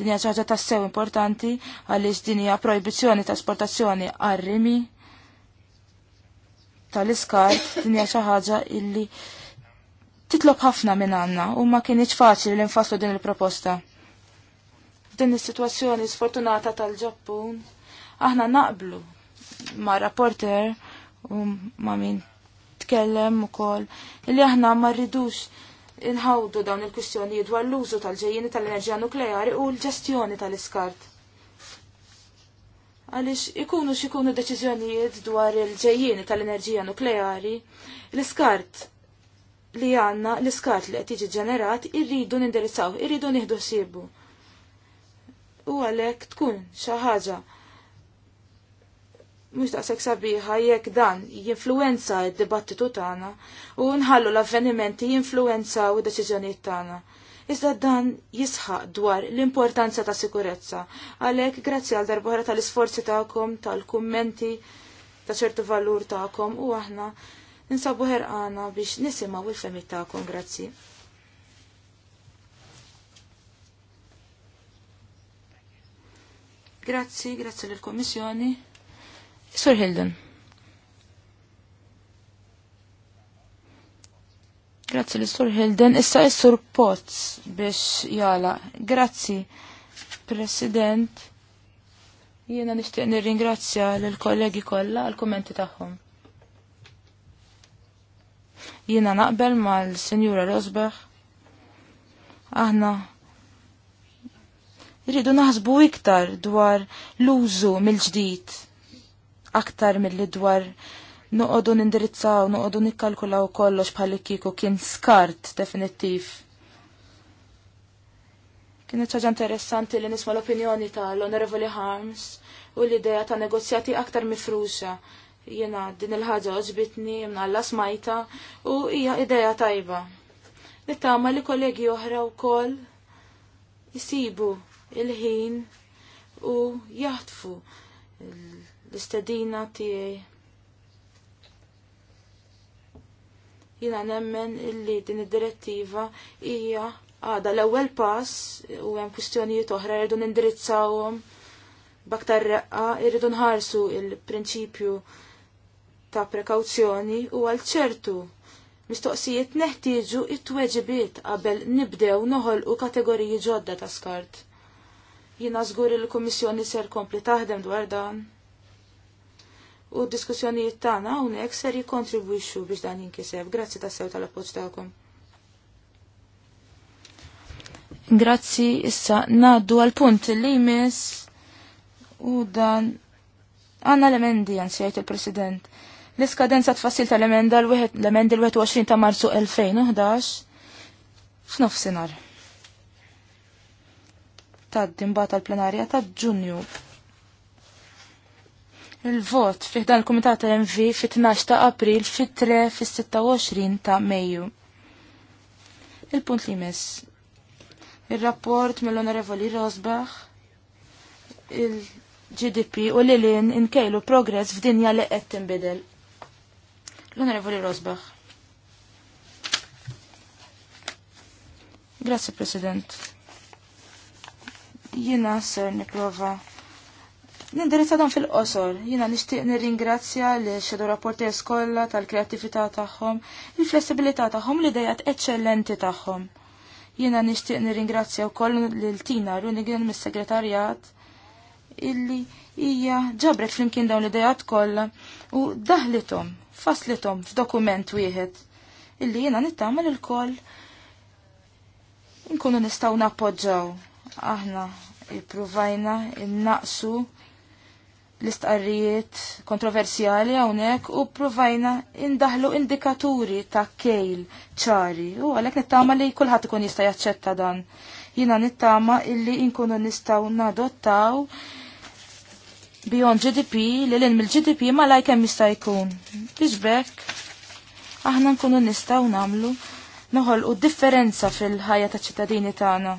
din hija ħaġa tassew importanti għaliex din hija proibizzjoni ta' esportazzjoni għar-rimi tal-iskart din hija xi ħaġa illi titlob ħafna minn għandna u ma kienx faċli li nfasslu din il-proposta. F'din is-sitwazzjoni sfortunata tal-Ġappun aħna naqblu ma' rapporter u ma' min tkellem ukoll li aħna ma rridux inħawdu dawn il-kwistjonijiet dwar l-użu tal-ġejjini tal-enerġija nukleari u l-ġestjoni tal-iskart. Għaliex ikunu xikunu deċiżjonijiet dwar il-ġejjini tal-enerġija nukleari, l-iskart li għanna, l-iskart li qed jiġi ġenerat, irridu nindirizzaw, irridu nieħdu sibu. U għalhekk tkun xi ħaġa Mistaqsek sabiħa jekk dan jinfluenza d-dibattitu tagħna u nħallu l-avvenimenti jinfluwenzaw id-deċiżjonijiet tagħna. Iżda dan jisħaq dwar l-importanza ta' sikurezza. Għalhekk grazzi għal darbohra tal-isforzi tagħkom, tal-kummenti ta' ċertu valur tagħkom u aħna ninsabu ħerqana biex nisimgħu il-femi tagħkom. Grazzi. Grazzi, grazzi lill-Kommissjoni. Sur Hilden. Grazzi li sur Hilden. Issa is-sur Potts biex jala. Grazzi, President. Jiena nixtieq nirringrazzja lill kollegi kollha għall kummenti tagħhom. Jiena naqbel mal-Sinjura Rosbach. Aħna irridu naħsbu iktar dwar l-użu mill-ġdid aktar mill-li dwar noqodu nindirizzaw, noqodu nikkalkulaw kollox bħalli kiku kien skart definittiv. Kienet ċaġa interessanti li nisma l-opinjoni ta' l-Honorable Harms u l-ideja ta' negozjati aktar mifruxa. Jena din il-ħagġa oġbitni, l smajta u hija ideja tajba. Nittama li kollegi oħra u koll jisibu il-ħin u jaħtfu l-istedina tiegħi. Jina nemmen illi din id-direttiva hija għada l-ewwel pass u hemm kwistjonijiet oħra jirridu nindirizzawhom b'aktar reqqa jirridu nħarsu il-prinċipju ta' prekawzjoni u għal ċertu mistoqsijiet neħtieġu it-tweġibiet qabel nibdew noħolqu kategoriji ġodda ta' skart. Jina żgur il-Kummissjoni ser kompli taħdem dwar dan u d-diskussjonijiet tagħna hawnhekk ser jikkontribwixxu biex dan jinkiseb. Grazzi tassew tal-appoġġ tagħkom. Grazzi issa ngħaddu għal punt li jmiss u dan għanna l-emendi sejt il-President. L-iskadenza tfassil tal-emenda l-emendi l-21 ta' Marzu 2011 f'nofsinhar. Tad dimbata l-plenarja ta' Ġunju il-vot fih dan il-Kumitat MV fi 12 ta' April fit-3 fi 26 ta' Mejju. Il-punt li mess. Il-rapport mill-Onorevoli Rosbach, il-GDP u li lin inkejlu progress f'dinja li qed tinbidel. L-Onorevoli Rosbach. Grazie, President. Jina ser niprofa Nindirizza dan fil-qosor, jina nishtiq nirringrazzja li xedu rapporti kollha tal kreativita tagħhom, il-flessibilità tagħhom li dajat eċċellenti tagħhom. Jina nishtiq nirringrazzja wkoll lil-Tina Runigin mis-segretarjat illi hija ġabret flimkien dawn l-idejat kollha u daħlitom, faslitom f'dokument wieħed illi jiena nittamel il-koll nkunu nistaw nappoġġaw. Aħna ippruvajna innaqsu l-istqarrijiet kontroversjali hawnhekk u provajna indaħlu indikaturi ta' kejl ċari u għalhekk nittama li kulħadd ikun jista' jaċċetta dan. Jiena nittama illi inkunu nistgħu nadottaw beyond GDP li l mill-GDP ma laj kemm jista' jkun. Biex aħna nkunu nistgħu nagħmlu noħolqu differenza fil-ħajja taċ-ċittadini tagħna.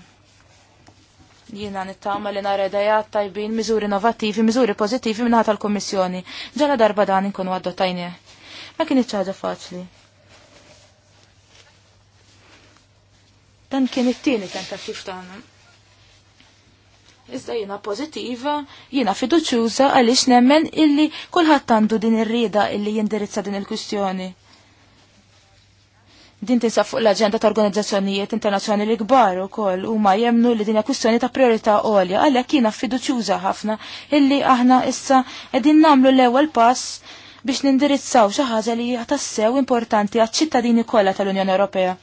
Jiena nittama li nara idejat tajbin, miżuri innovativi, miżuri pozittivi minnaħat tal-Kommissjoni. Ġala darba dan inkunu tajnie. Ma kien ħaġa faċli. Dan kien it-tieni ta' tagħna. Iżda jiena pożittiva, jiena fiduċjuża għaliex nemmen illi kulħadd għandu din ir-rieda illi jindirizza din il-kwistjoni. Din tinsab fuq l-aġenda ta' organizzazzjonijiet internazzjonali kbar ukoll huma jemnu li dinja kwistjoni ta' priorità għolja għalhekk jiena fiduċjuża ħafna illi aħna issa qegħdin nagħmlu l-ewwel pass biex nindirizzaw xi ħaġa li tassew importanti għat ċittadini kollha tal-Unjoni Ewropea.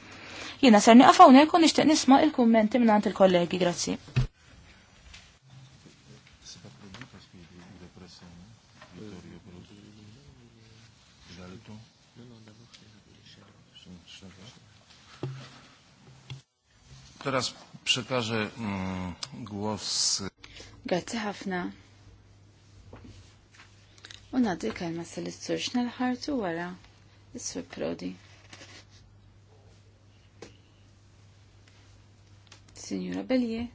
Jiena serni nieqaf hawnhekk u nixtieq nisma' il-kummenti mingħand il-kollegi, grazzi. Teraz przekażę mm, głos. Grazie ħafna. U nadi kelma sal-istur xnal-ħartu wara is-sur Prodi. Signora Bellier.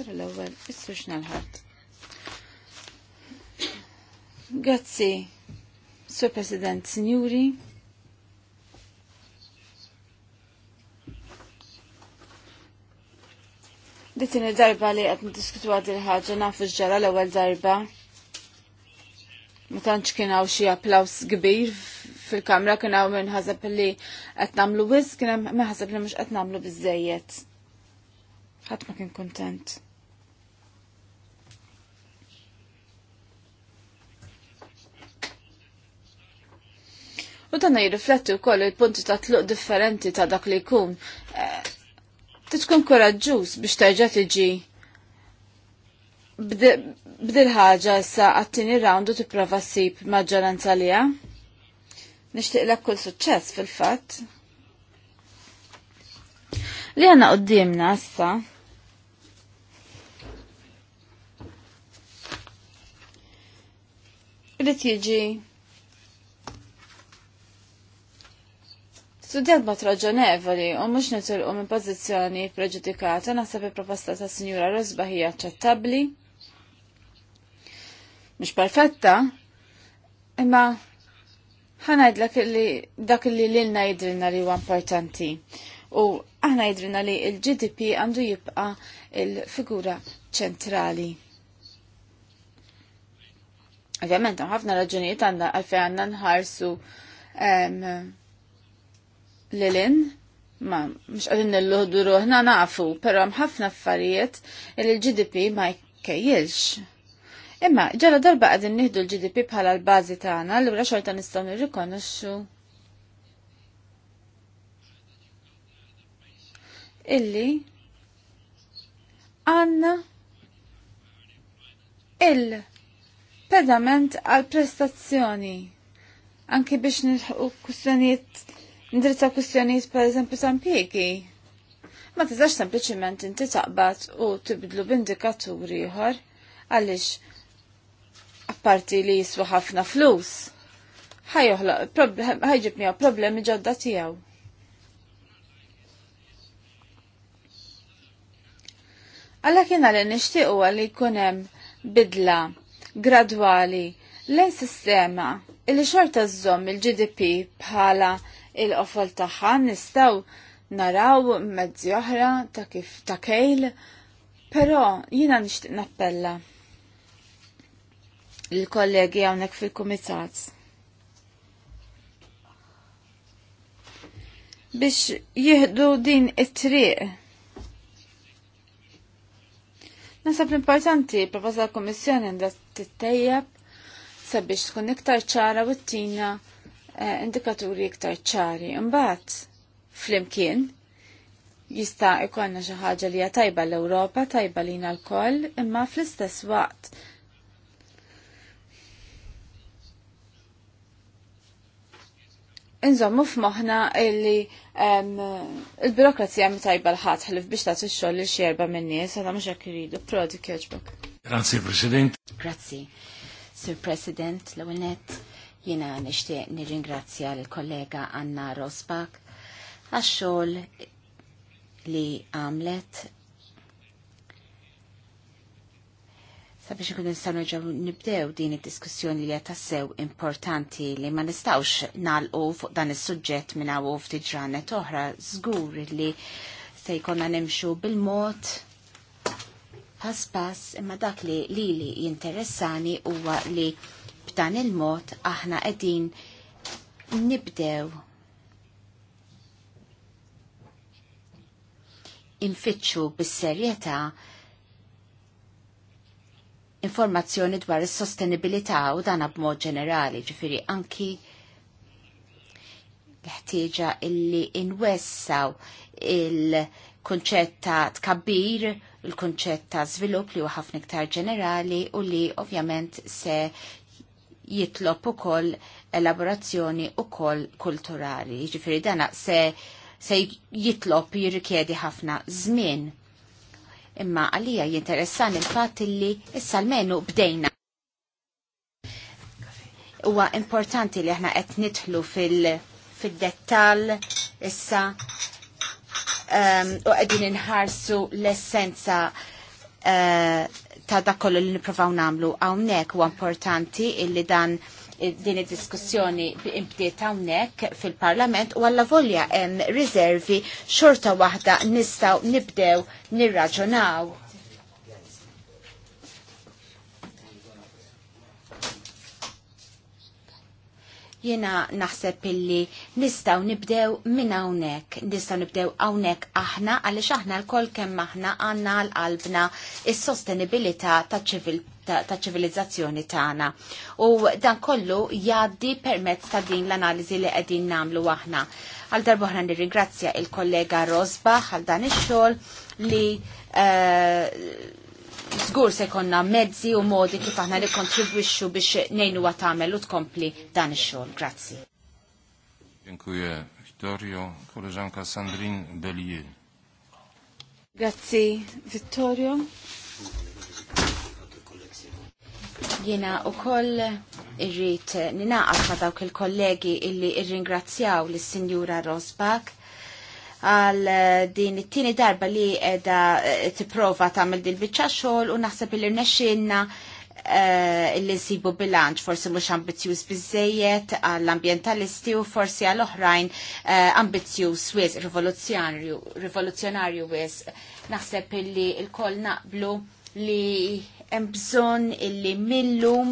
Per l-ewwel is-sur xnal Grazie, Grazzi, Sur President, Signuri. Dittini darba li għed diskutu għad il-ħagġa nafu ġara l-ewel darba. Mutanċ kienaw xie applaus kbir fil-kamra kienaw minn ħazab li għed namlu wiz, kienaw minn ħazab li mux għed namlu bizzejiet. Ħadd ma kien kontent. U tanna jirrifletti wkoll il-punti ta' tluq differenti ta' dak li jkun eh, titkun koraġġuż biex terġa' tiġi b'dil ħaġa issa għattini rawndu tipprova ssib maġġoranza liha. Nixtieqlek kull suċċess fil-fatt. Li għandna qoddimna issa Rrid jiġi Studjat bat raġonevoli u mux nitilqu minn pozizjoni preġudikata naħseb il-proposta ta' Sinjura Rosba hija ċattabli. Mux perfetta, imma ħanajdlek li dak li lilna jidrilna li huwa importanti. U aħna jidrina li il-GDP għandu jibqa il-figura ċentrali. Ovvjament, ħafna raġunijiet għandna għalfej għandna nħarsu l-lin, ma mux għadin l-luħdu hna nafu, pero mħafna affarijiet il-GDP ma jkejjilx. Imma ġala darba għadin nihdu l-GDP bħala l-bazi tagħna l xorta nistgħu nirrikonoxxu. Illi għanna il-pedament għal-prestazzjoni anki biex nilħu kustanijiet indirizza kwistjonijiet pereżempju tampjegi. Ma tiżax sempliċement inti taqbad u tibdlu b'indikaturi ieħor għaliex apparti li jiswa ħafna flus. Ħajġib miegħu problemi ġodda tiegħu. Alla kien li nishtiqu għalli kunem bidla gradwali lejn sistema illi xorta żżomm il-GDP bħala il-qofol tagħha nistgħu naraw mezzi oħra ta' kif ta' kejl, però jiena nixtieq nappella il-kollegi hawnhekk fil-kumitat. biex jihdu din it-triq. Nasab l-importanti proposta l-Komissjoni għandha tittejjeb sabiex tkun iktar ċara u t-tina Eh, indikaturi iktar ċari. Imbagħad flimkien jista' ikonna xi ħaġa li hija tajba l-Ewropa, tajba lina l-koll, imma fl-istess waqt Inżommu f'moħħna illi il-birokrazija tajba l-ħadd ħlif biex tagħti x-xogħol li xjerba min-nies għadha mhux hekk iridu. Prodi kieġbok. Grazzi President. Grazzi. Sir President, l-ewwel Jina nishtiq nirringrazzja l-kollega Anna Rosbach għax-xogħol li għamlet sabiex ikun nistgħu nerġgħu nibdew din id-diskussjoni li qed tassew importanti li ma nistgħux nagħlqu fuq dan is-suġġett minn hawn ftit ġranet oħra żgur li se jkollna nimxu bil-mod pass pass imma dak li lili jinteressani huwa li B'dan il-mod aħna qegħdin nibdew infittxu bis-serjetà informazzjoni dwar is-sostenibilità u dan b'mod ġenerali, ġifieri anki l-ħtieġa illi inwessaw il-kunċett ta' tkabbir, il-kunċett ta' żvilupp li huwa ħafna iktar ġenerali u li ovvjament se jitlob ukoll elaborazzjoni ukoll kulturali. Ġifiri dana se se jitlob jirrikjedi ħafna żmien. Imma għalija jinteressan il-fatt li issa l-menu bdejna. Huwa importanti li aħna qed nidħlu fil-dettall fil issa um, u għedin qegħdin inħarsu l-essenza uh, ta' kollu li niprofaw namlu għawnek u importanti illi dan din id-diskussjoni imbdiet hawnhekk fil-Parlament u għalla volja hemm riservi xorta waħda nistgħu nibdew nirraġunaw. Jena naħseb illi nistaw nibdew minn hawnhekk, nistaw nibdew hawnhekk aħna għaliex aħna l kemm aħna għandna l-qalbna is-sostenibilità taċ-ċivil ta' ċivilizzazzjoni tagħna. U dan kollu jgħaddi permezz ta' din l-analiżi li qegħdin nagħmlu aħna. Għal darba oħra nirringrazzja il-kollega Rosbach għal dan ix-xogħol li uh, Zgur se konna mezzi u modi kif aħna li kontribwixxu biex nejnu tagħmel u tkompli dan ix-xogħol. Grazzi. Dziękuję Vittorio, koleżanka Sandrine Bellier. Grazzi Vittorio. Jena u koll irrit ninaqat ma dawk il-kollegi illi irringrazzjaw l-Sinjura Rosbach għal eh, din it-tieni darba li edha eh, tipprova tagħmel din biċċa xogħol u naħseb li rnexxinna eh, li nsibu bilanċ forsi mhux ambizjuż bizzejiet għall-ambjentalisti u forsi għall oħrajn ambizjuż wiz rivoluzjonarju wiz. Naħseb illi il koll naqblu li hemm bżonn illi millum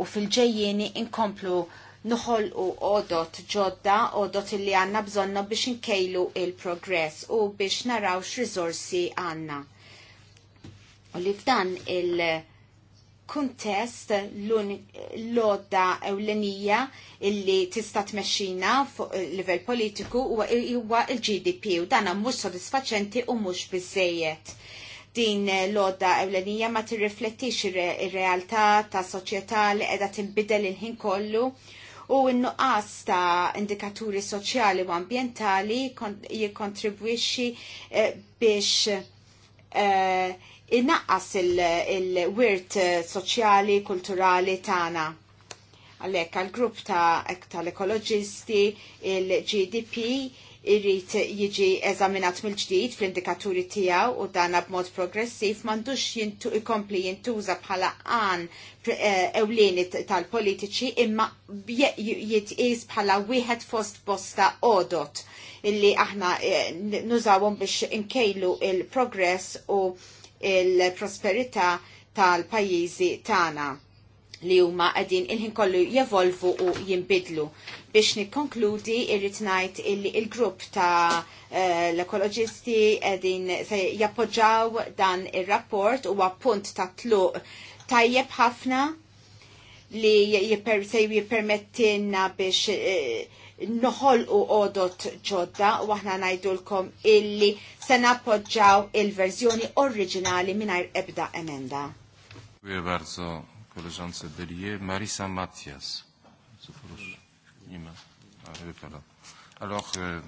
u fil-ġejjieni inkomplu u odot ġodda, odot li għanna bżonna biex nkejlu il-progress u biex naraw x-rizorsi għanna. U li f'dan il-kuntest l-odda ewlenija illi tista tmexxina fuq il livell politiku huwa il-GDP u dan mhux sodisfaċenti u mhux biżejjed din l-odda ewlenija ma tirriflettix ir-realtà ta' soċjetà li qiegħda tinbidel il-ħin kollu u n-nuqqas ta' indikaturi soċjali u ambientali jikontribwixi eh, biex eh, innaqqas il-wirt soċjali, kulturali tagħna għalek għal-grupp ta' tal ekologisti, il-GDP irrit jiġi eżaminat mill-ġdid fl-indikaturi tijaw u dana b'mod progressiv mandux jintu ikompli jintuża bħala għan eh, ewlieni tal-politiċi imma jitqis bħala wieħed fost bosta odot illi aħna eh, nużawhom biex inkejlu il-progress u il-prosperità tal-pajjiżi tagħna li huma qegħdin il-ħin kollu jevolvu u jinbidlu biex nikkonkludi irrit ngħid il-grupp ta' eh, l-ekoloġisti edin se jappoġġaw dan ir-rapport huwa punt ta' tluq tajjeb ħafna li se jippermettilna biex eh, noħolqu odot ġodda u aħna ngħidulkom illi se nappoġġaw il-verżjoni oriġinali mingħajr ebda emenda. Grazie, koleżance Marisa Euh,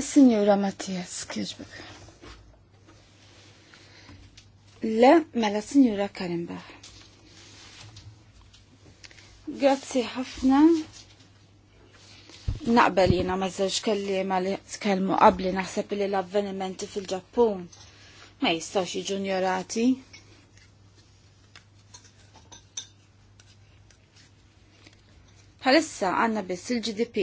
signora Mattias, kieġbek. Le, mela signora Karenbach. Grazzi ħafna. Naqbel jina ma żewġ ma li tkellmu qabli naħseb li l-avvenimenti fil-Ġappun ma jistgħux jiġu Palissa għanna biss il-GDP.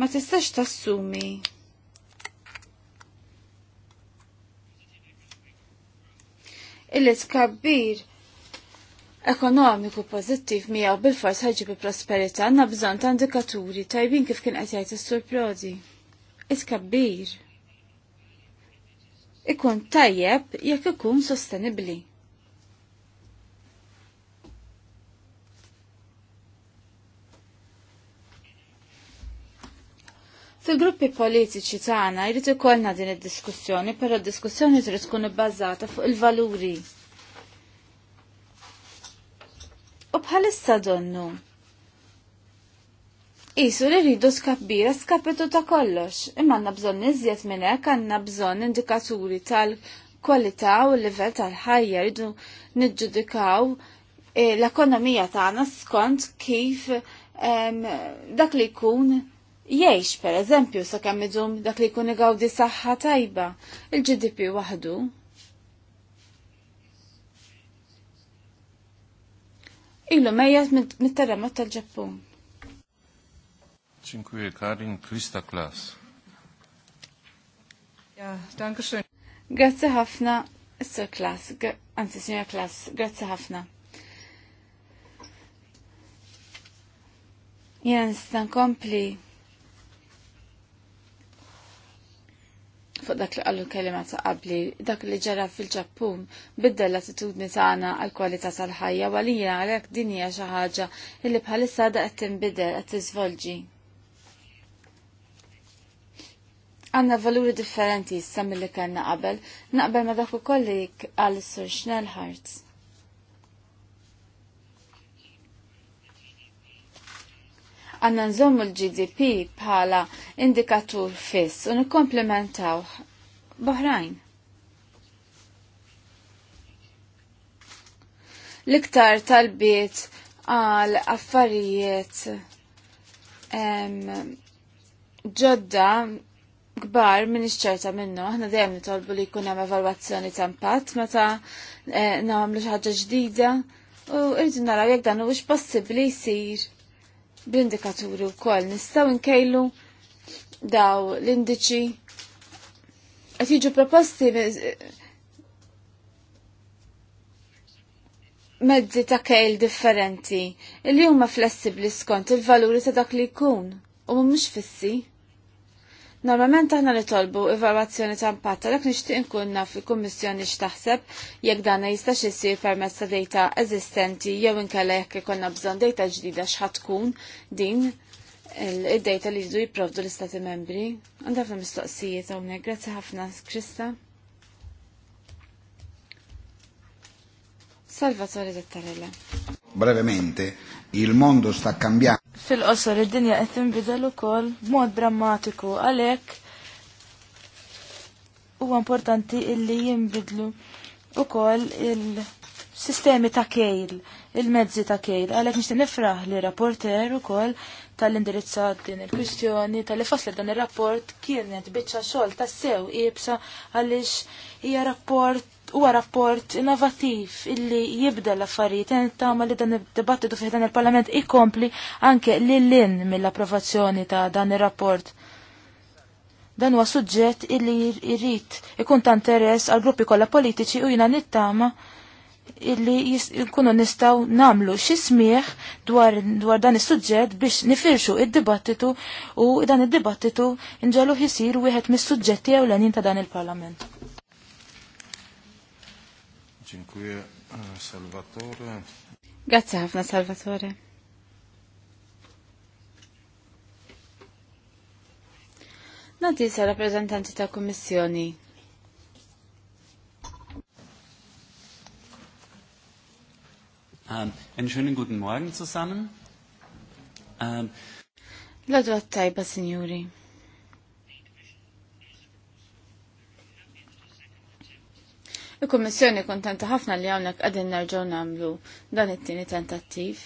Ma tistax tassumi il-iskabbir ekonomiku pozittiv miegħu bil-fors ħagġi bi prosperità għandna bżonn ta' indikaturi tajbin kif kien qed jgħid surprodi Iskabbir ikun tajjeb jekk ikun sostenibbli. Fil-gruppi politiċi tagħna jrid ikollna din id-diskussjoni, però d-diskussjoni trid tkun ibbażata fuq il-valuri. U bħalissa donnu. Isu li rridu skabbira skapitu ta' kollox, imma għanna bżon nizjet minn hekk għandna bżonn indikaturi tal-kwalità u l-livell tal-ħajja rridu niġġudikaw eh, l-ekonomija tagħna skont kif dak li jkun Jiex, per eżempju sa kamidum idum dak li jkun igawdi saħħa tajba il-GDP waħdu. Illu mejjed mit-terremot tal-Ġappun. Dziękuję Karin, Krista Klas. Ja, danke schön. Grazie ħafna, Sir Klas, anzi Signora Klas, grazie ħafna. Jens, dan kompli fuq dak li qalu l-kelima ta' qabli, dak li ġara fil-ġappun bidda l-attitudni tagħna għal kwalità tal-ħajja għalija għalhekk din hija xi ħaġa li bħalissa da qed tinbidel qed tiżvolġi. Għanna valuri differenti issa mill-li kellna qabel, naqbel ma dak ukoll li għal sur Schnellhardt. għanna nżommu l-GDP bħala indikatur fiss u nikkomplementaw boħrajn. L-iktar tal-biet għal affarijiet ġodda kbar minn iċċerta minnu, aħna dejjem nitolbu li jkun hemm evalwazzjoni ta' impatt meta eh, nagħmlu xi ħaġa ġdida u rridu naraw jekk dan huwiex possibbli jsir u wkoll nistgħu nkejlu daw l-indiċi għet jiġu proposti mezzi ta' kejl differenti li huma flessibbli skont il-valuri ta' dak li jkun u mhumiex fissi. Normalment aħna nitolbu evalwazzjoni ta' impatt għalhekk nixtieq inkun naf il-Kummissjoni x'taħseb jekk dan jistax isir permezz ta' data eżistenti jew inkella jekk ikollna bżonn data ġdida x'ħad tkun din id-dejta li jdu jipprovdu l-Istati Membri. Għandha fil mistoqsijiet hawnhekk. Grazzi ħafna, Krista. Salvatore Dattarella. Brevemente, il-mondo sta cambiando. Fil-qosor id-dinja qed tinbidel ukoll b'mod drammatiku għalhekk huwa importanti illi jinbidlu ukoll il-sistemi ta' kejl, il-mezzi ta' kejl, għalhekk nixtieq nifraħ li rapporter ukoll tal-indirizzat din il-kwistjoni tal-li fasli dan ir rapport kienet biċċa xogħol tas sew iebsa għaliex hija rapport huwa rapport innovattiv illi jibda l-affarijiet tama li dan id-dibattitu fih dan il-Parlament ikompli anke lil-lin mill-approvazzjoni ta' dan ir-rapport. Dan huwa suġġett illi jrid ikun ta' interess għal gruppi kollha politiċi u jina nittama illi jkunu nistaw namlu smieħ dwar, dwar dan is-suġġett biex nifirxu id-dibattitu u dan id-dibattitu nġalu jisir wieħed mis-suġġetti ewlenin ta' dan il-Parlament. Dziękuję, e, Salvatore. Grazie ħafna, Salvatore. Nadisa rappresentanti ta' kommissjoni. Um, ähm, einen schönen guten Morgen zusammen. Um, ähm, L-għadwa tajba, signori. Il-Kummissjoni kontenta ħafna li hawnhekk qegħdin nerġgħu nagħmlu dan it-tieni tentattiv.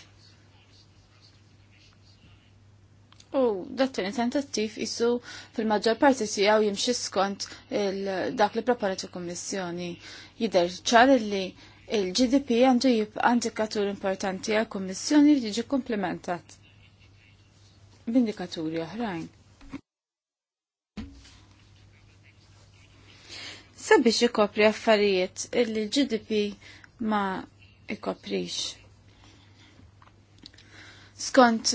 U dat tini tentattiv isu fil-maġġor parti si għaw jimxi skont dak li proponet il-Kummissjoni. Jidher ċar li il-GDP għandu jibqa' għandikatur importanti għal-Kummissjoni li jiġi komplementat b'indikaturi oħrajn. sabiex ikopri affarijiet illi l-GDP ma ikoprix. Skont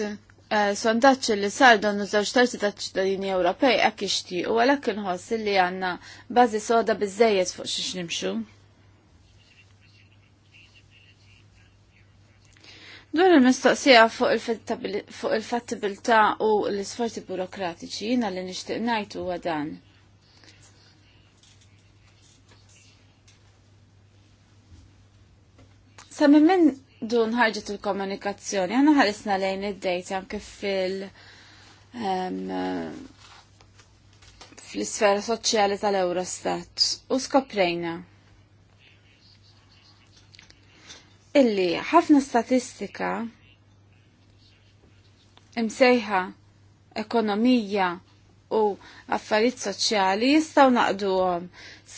eh, sondaċ li sar donnu żewġ terzi ta' ċittadini Ewropej ixti u għalhekk nħoss li għandna bażi soda bizzejiet fuq xiex nimxu. Dwar il-mistoqsija fuq il-fattibilità u l-isforzi burokratiċi jiena li nixtieq ngħid huwa dan. Sa minn dun ħarġet il-komunikazzjoni, għana ħarisna lejn id-dejta anke fil- fl-isfera soċjali tal-Eurostat u skoprejna illi ħafna statistika imsejħa ekonomija u affarijiet soċjali jistgħu naqduhom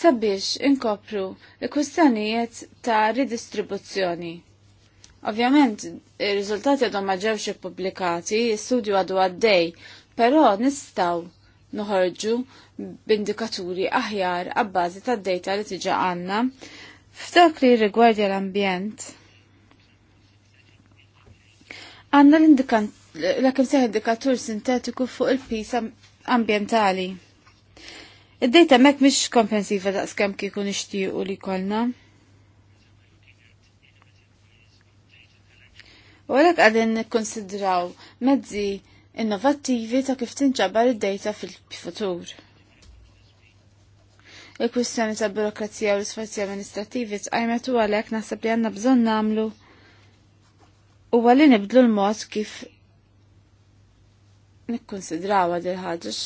sabiex inkopru l kustanijiet ta' ridistribuzzjoni. Ovvjament, il-rizultati għadhom ma ġewx ippubblikati, l-studju għadu għaddej, però nistaw noħorġu b'indikaturi aħjar għabbażi ta' data li tiġa għanna f'dak li rigwardja l-ambjent. Għanna l indikatur sintetiku fuq il pisa ambientali. Id-dejta mek mish kompensiva da' skam kiku u li kolna. U għalek għadin konsidraw mezzi innovativi ta' kif tinġabar id-dejta fil-futur. Il-kwistjoni ta' burokrazija u l-sforzi amministrativi tqajmet u għalek naħseb li għanna bżon namlu u għalli nibdlu l-mod kif nikkonsidraw għad il-ħagġax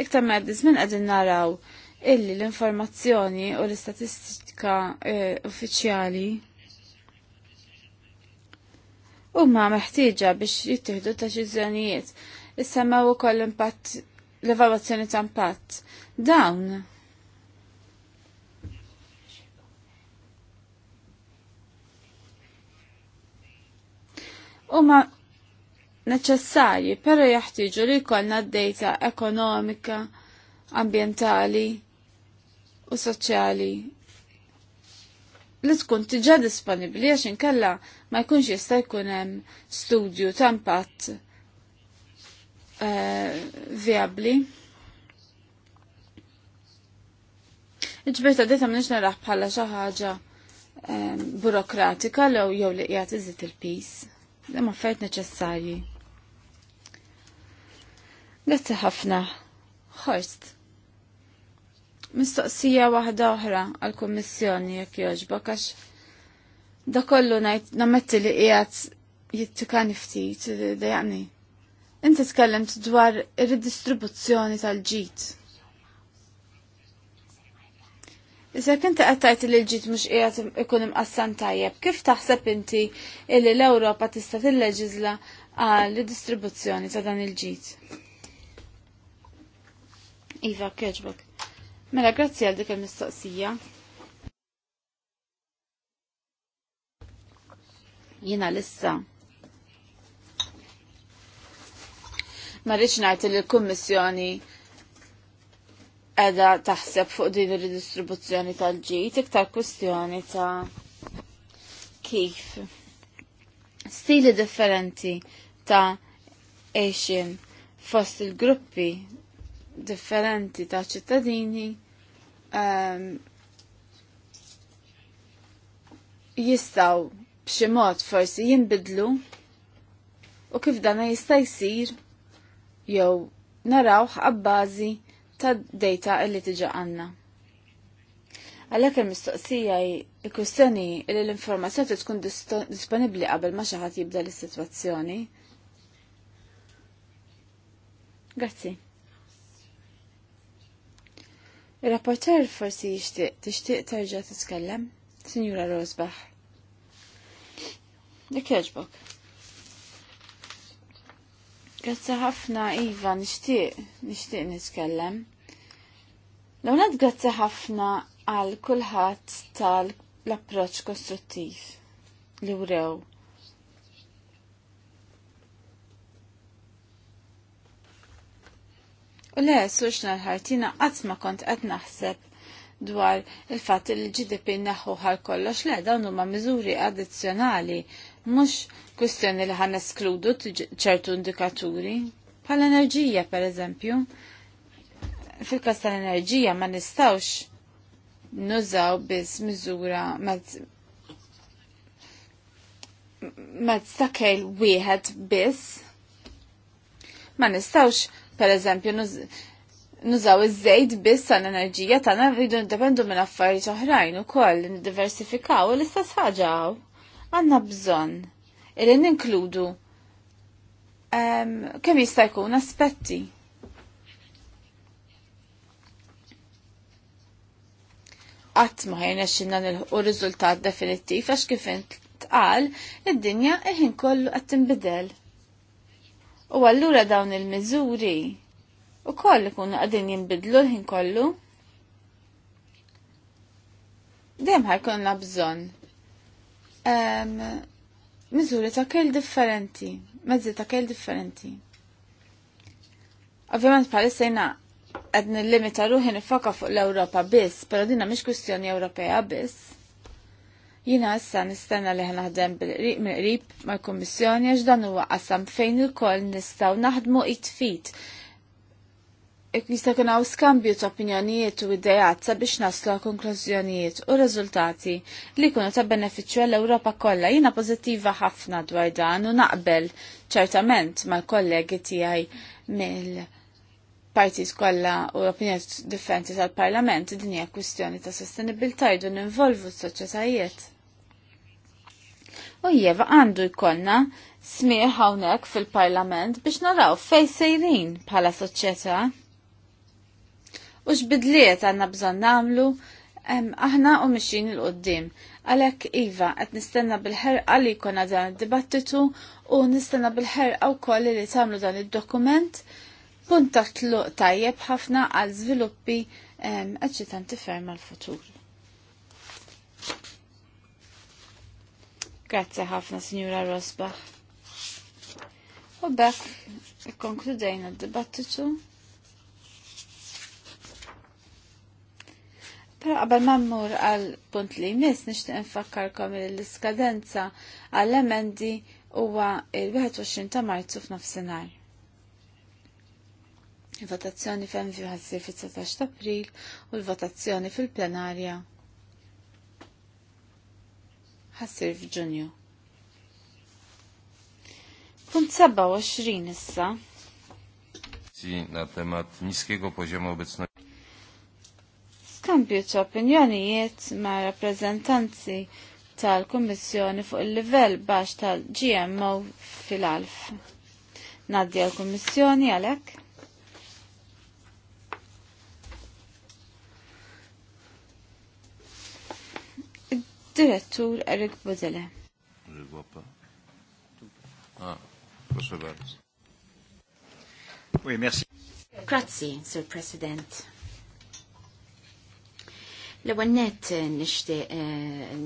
iktar ma jibdi żmien qegħdin naraw illi l-informazzjoni u l-istatistika eh, uffiċjali ma meħtieġa biex jittieħdu deċiżjonijiet. Issa ma wkoll impatt l-evalwazzjoni ta' impatt. Dawn ma neċessarji, pero jaħtiġu li jkollna d-dejta ekonomika, ambientali u soċjali li tkun tiġa disponibli għax inkella ma jkunx jista' jkun hemm studju ta' impatt uh, viabli. Iġbir ta' dita naraħ bħala xi ħaġa eh, burokratika jew jew li qiegħed iżid il peace Hemm affarijiet neċessarji. Grazzi ħafna. Horst. Mistoqsija waħda oħra għal-Kummissjoni jekk jogħġbok għax da kollu ngħid nammetti li qiegħed jittikani ftit dejaqni. Inti tkellimt dwar ir-redistribuzzjoni tal-ġid. Issa inti għattajt li l-ġit mux qiegħed ikun imqassan tajjeb, kif taħseb inti illi l-Ewropa tista' tilleġiżla għal distribuzzjoni ta' dan il-ġit? Iva, kieġbok. Mela, grazzi għal dik il-mistoqsija. Jina lissa. Ma rridx ngħid li l-Kummissjoni qiegħda taħseb fuq din ir-ridistribuzzjoni tal-ġid iktar kwestjoni ta' kif stili differenti ta' Asian fost il-gruppi differenti ta' ċittadini um, jistaw b'xi mod forsi jinbidlu u kif dana jista' jsir jew narawh għabbażi ta' data li tiġa għandna. Għalhekk il-mistoqsija il-kustjoni li l-informazzjoni tkun disponibbli qabel ma xi ħadd jibda l-sitwazzjoni. Grazzi. Il-rapporter forsi jixtieq tixtieq terġa' titkellem, Sinjura Rosbach. Dik jogħġbok. Grazzi ħafna Iva, nixtieq nixtieq nitkellem. L-għunat grazzi ħafna għal kulħadd tal-approċċ kostruttiv li wrew U le, suċna l ħartina ma kont qed naħseb dwar il-fat li l-GDP naħu ħal kollox le dawn huma miżuri addizzjonali mhux kwistjoni li ħan eskludu ċertu indikaturi. Pal enerġija per eżempju. Fil-kas tal-enerġija ma nistawx nużaw biss miżura mezz ta' kejl wieħed biss ma nistawx per eżempju, nużaw iż-żejt biss tal enerġija tagħna rridu ndependu minn affarijiet oħrajn ukoll niddiversifikaw l-istess ħaġa għandna bżonn illi ninkludu ehm, kemm jista' jkun aspetti. Qatt ma ħajna xinna nilħu riżultat definittiv għax kif int tqal id-dinja iħin kollu qed tinbidel. U allura dawn il-miżuri u koll ikunu għadin jinbidlu l-ħin kollu. Dem ħajkonna bżon. Um, miżuri ta' kell differenti, mezzi ta' kell differenti. Ovvjament palissa jina l limita ruħi nifoka fuq l-Europa biss, pero dinna mish kustjoni Ewropea biss. Jina issa nistenna li ħnaħdem bil-qrib mal-Kummissjoni għax dan huwa qasam fejn il-koll nistgħu naħdmu it-tfit. Jista' kien skambju ta' opinjonijiet u idejat sabiex naslu konklużjonijiet u riżultati li jkunu ta' beneficju għall-Ewropa kollha. Jiena pożittiva ħafna dwar dan u naqbel ċertament mal-kollegi tiegħi mill- partijs kollha u opinjoni differenti tal-Parlament din hija kwistjoni ta' sostenibilità jdu ninvolvu s-soċjetajiet. U jeva għandu jkollna smieħ hawnhekk fil-Parlament biex naraw fejn sejrin bħala soċjetà. U x'bidliet għandna bżonn nagħmlu aħna u mixin il-qoddim. Għalek Iva, għet nistenna bil-ħerqa li kona dan il-dibattitu u nistenna bil-ħerqa u koll li tamlu dan il-dokument punta tluq tajjeb ħafna għal żviluppi eċċitanti ferm għal futur. Grazzi ħafna, Signora Rosbach. U bekk ikkonkludejna d-dibattitu. Pero qabel ma mmur għal punt li jmiss nixtieq infakkarkom li l-iskadenza għall-emendi huwa il-21 ta' Marzu f'nofsinhar. Il-votazzjoni fem ħassir fit-19 ta' April u l-votazzjoni fil-plenarja ħassir f'Ġunju. Punt 27 issa. Na temat niskiego poziomu obecności. Skambju ta' opinjonijiet ma' rappresentanzi tal-Kommissjoni fuq il-livell baxx tal-GMO fil-alf. Nadja l kommissjoni għalek? direttur Erik Bozele. Grazzi, Sir President. L-għannet nishti eh, eh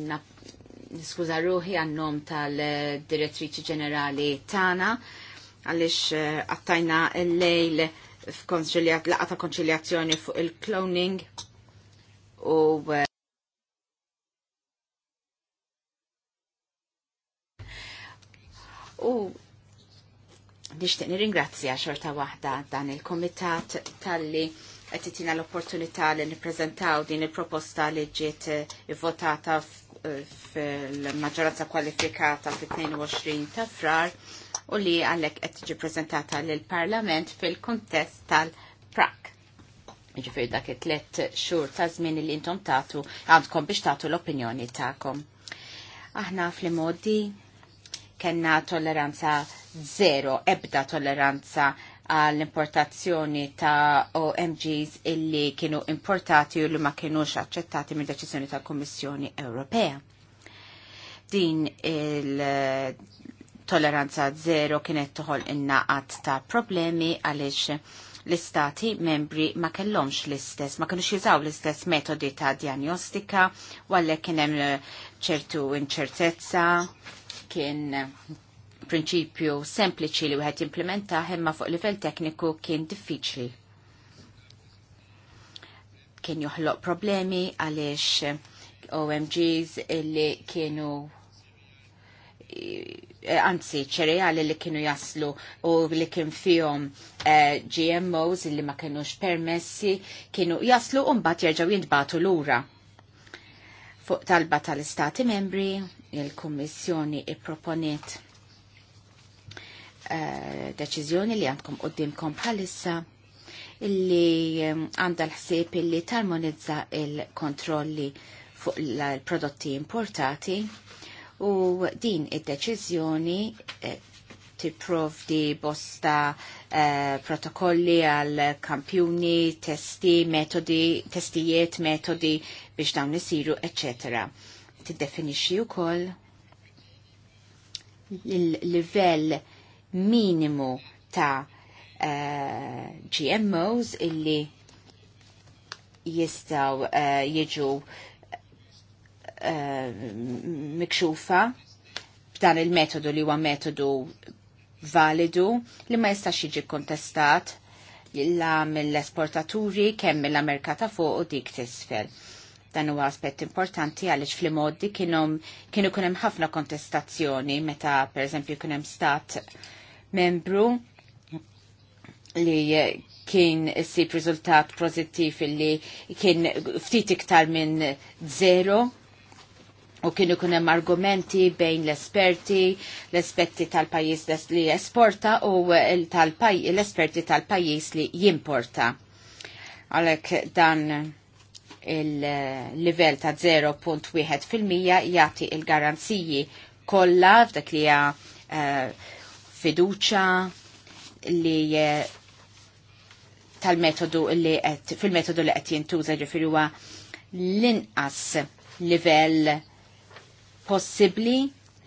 niskuza ruħi għannom tal-direttriċi ġenerali tana għaliex eh, għattajna l-lejl f'laqa ta' konċiljazzjoni fuq il-cloning u eh, u nishtiq nirringrazzja xorta waħda dan il-komitat tal-li għetitina l-opportunità li niprezentaw din il-proposta li ġiet eh, votata eh, fil-maġġoranza kwalifikata fil-22 ta' frar u li għallek qed tiġi prezentata l-Parlament fil-kontest tal-PRAC. Ġifir dak it-tlet xhur ta' zmin li intom tagħtu għandkom biex tagħtu l-opinjoni tagħkom. Aħna fl-modi kena tolleranza zero, ebda tolleranza għall-importazzjoni ta' OMGs illi kienu importati u li ma kienux accettati minn deċiżjoni tal kummissjoni Ewropea. Din il-toleranza zero kienet toħol innaqat ta' problemi għaliex l-istati membri ma kellhomx l-istess, ma kienux jużaw l-istess metodi ta' diagnostika, għallek kien hemm ċertu inċertezza kien prinċipju sempliċi li wieħed jimplementa imma fuq livell tekniku kien diffiċli. Kien joħloq problemi għaliex OMGs li kienu eh, anzi ċereali li kienu jaslu u li kien fihom uh, eh, GMOs li ma kienux permessi kienu jaslu un bat jerġaw jintbatu lura. Fuq talba tal-istati membri il-Kummissjoni i-proponiet eh, deċiżjoni li għandkom qoddimkom bħalissa illi ehm, għandha l-ħsieb illi tarmonizza il-kontrolli fuq l-prodotti importati u din id-deċiżjoni eh, tipprovdi bosta eh, protokolli għal kampjuni, testi, metodi, testijiet, metodi biex dawn isiru, eccetera tiddefinixxi wkoll il-livell minimu ta' uh, eh, GMOs illi jistaw uh, jiġu uh, mikxufa b'dan il-metodu li huwa metodu validu li ma jistax jiġi kontestat l mill-esportaturi kemm l amerika ta' fuq u dik tisfel. Dan huwa aspett importanti għaliex fl-modi kienu kunem ħafna kontestazzjoni meta per eżempju kunem stat membru li kien si riżultat pozittiv li kien ftit iktar minn zero u kien ikun hemm argumenti bejn l-esperti, l-esperti tal-pajjiż li esporta u l-esperti tal-pajjiż li jimporta. Għalhekk dan il-livell ta' 0.1% jagħti il-garanziji kollha f'dak li hija eh, fiduċa li eh, tal-metodu li qed fil-metodu li qed jintuża ġifieri huwa l-inqas livell possibbli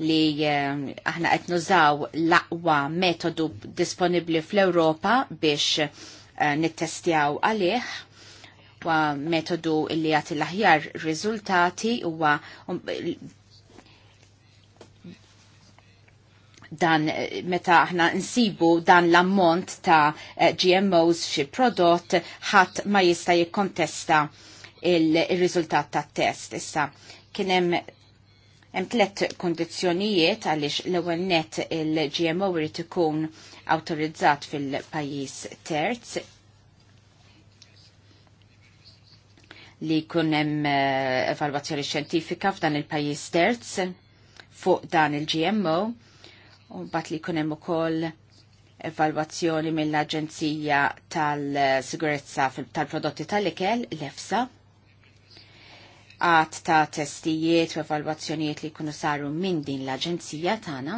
li eh, aħna qed nużaw l-aqwa metodu disponibbli fl-Ewropa biex nittestjaw għalih wa metodu li għati l-aħjar rizultati huwa um, dan meta aħna nsibu dan l-ammont ta' eh, GMOs xi prodott ħadd ma jista' jikkontesta il-riżultat tat test. Issa kien hemm hemm tliet kundizzjonijiet għaliex l-ewwel net il-GMO irid ikun awtorizzat fil-pajjiż terz li uh, evalwazzjoni xjentifika f'dan il-pajjiż terz fuq dan il-GMO u bat li kunem ukoll evalwazzjoni mill-Aġenzija tal-Sigurezza tal-Prodotti tal-Ikel, l-EFSA, għat ta' testijiet u evalwazzjonijiet li kunu saru minn din l-Aġenzija tagħna.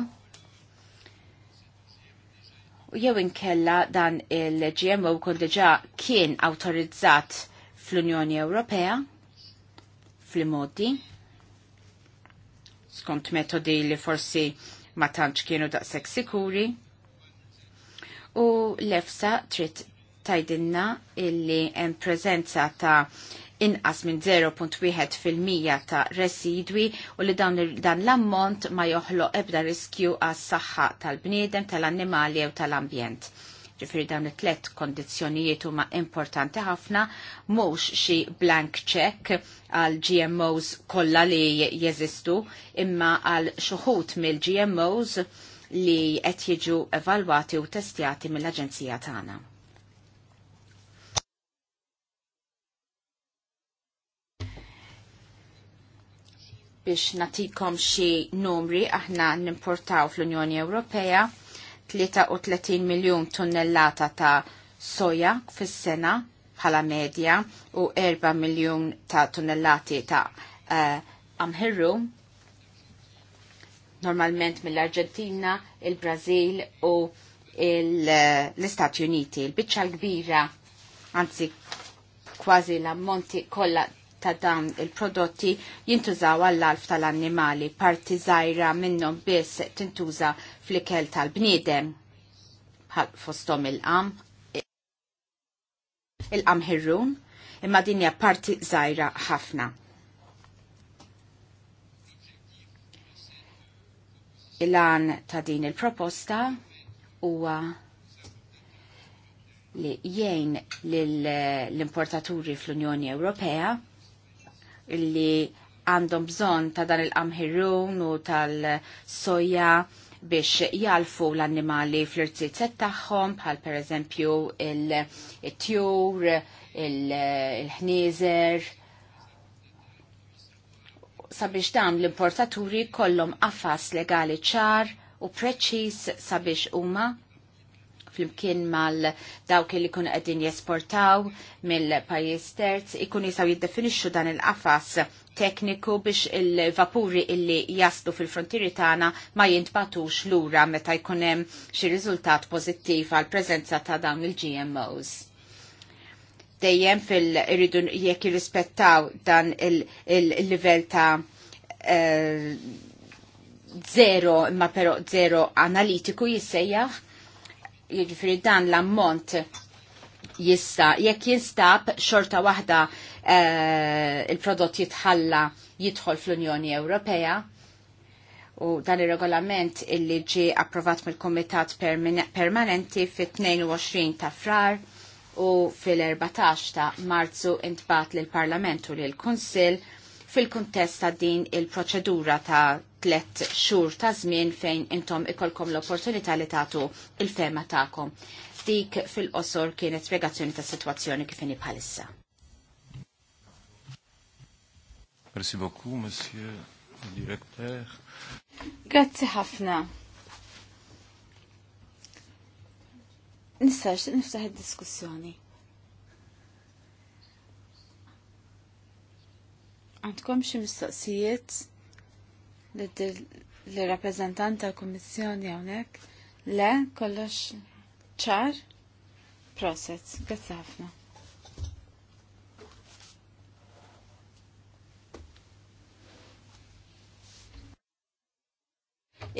U jew inkella dan il-GMO kun diġà kien awtorizzat fl-Unjoni Ewropea fl-modi skont metodi li forsi ma tantx kienu daqshekk sikuri u l-efsa trid tajdinna illi hemm preżenza ta' inqas minn 0.1% ta' residwi u li dan, dan l-ammont ma joħloq ebda riskju għas saħħa tal-bniedem, tal-annimali u tal-ambjent. tal bniedem tal annimali u tal ambjent tal tal ambjent Ġifiri dawn it-tlet kondizjonijiet huma importanti ħafna mhux xi blank check għal GMOs kollha li jeżistu imma għal xuħut mill-GMOs li qed jiġu evalwati u testjati mill-Aġenzija tagħna. biex natikom xi numri aħna n-importaw fl-Unjoni Ewropea 33 miljon tonnellata ta' soja fis-sena bħala medja u 4 miljon ta' tonnellati ta' uh, eh, amħirru normalment mill-Arġentina, il-Brazil u eh, l-Istati Uniti. Il-bicċa l-kbira, anzi kważi l-ammonti kollha ta' dawn il-prodotti jintużaw għall-alf tal-annimali, parti zaħira minnhom biss tintuża fl-ikel tal-bniedem. Bħal fostom il-qam, il-qam hirrun, imma dinja parti zaħira ħafna. Il-għan ta' din il-proposta huwa li jgħin l-importaturi fl-Unjoni Ewropea Li għandhom bżon ta' dan il-qamħirun u tal-soja biex jalfu l-annimali fl-irtizet tagħhom bħal per eżempju il-tjur, il-ħnieżer. Sabiex dan l-importaturi kollhom affas legali ċar u preċis sabiex huma flimkien mal dawk li kun qegħdin jesportaw mill-pajjiż terz ikun jistgħu jiddefinixxu dan il-qafas tekniku biex il-vapuri illi jaslu fil frontiri tagħna ma jintbatux lura meta jkun hemm xi riżultat pożittiv għal preżenza ta' dawn il-GMOs dejjem fil-irridu jekk jirrispettaw dan il-livell il ta' eh, zero, imma pero zero analitiku jissejjaħ jiġifieri dan l-ammont jista, jekk jinstab xorta waħda eh, il-prodott jitħalla jidħol fl-Unjoni Ewropea u dan il-regolament illi ġi approvat mill-Komitat Permanenti fit-22 ta' frar u fil-14 ta' marzu intbat l-Parlament u l-Konsil fil-kuntest ta' din il-proċedura ta' tlet xhur ta' żmien fejn intom ikolkom l-opportunità li tagħtu il-fema tagħkom. Dik fil-qosor kienet spiegazzjoni ta' situazzjoni kif inhi bħalissa. Merci beaucoup, monsieur le directeur. Grazzi ħafna. Nistax nifsaħ id-diskussjoni. Għandkom xi mistoqsijiet l-rappreżentant tal-Kummissjoni hawnhekk? Le, kollox ċar? Proset, grazzi ħafna.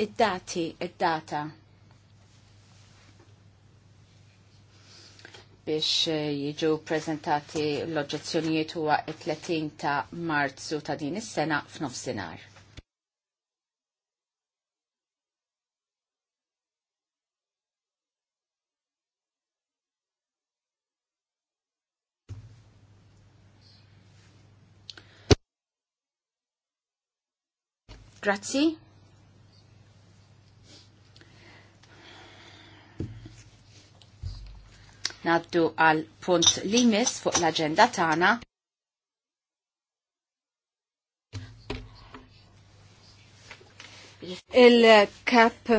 Id-dati, id-data. biex eh, jiġu prezentati l-oġezzjonijiet huwa 30 ta' Marzu ta' din is-sena f'nofsinhar. Grazzi. Naddu għal punt limis fuq l-agenda tagħna. Il-kap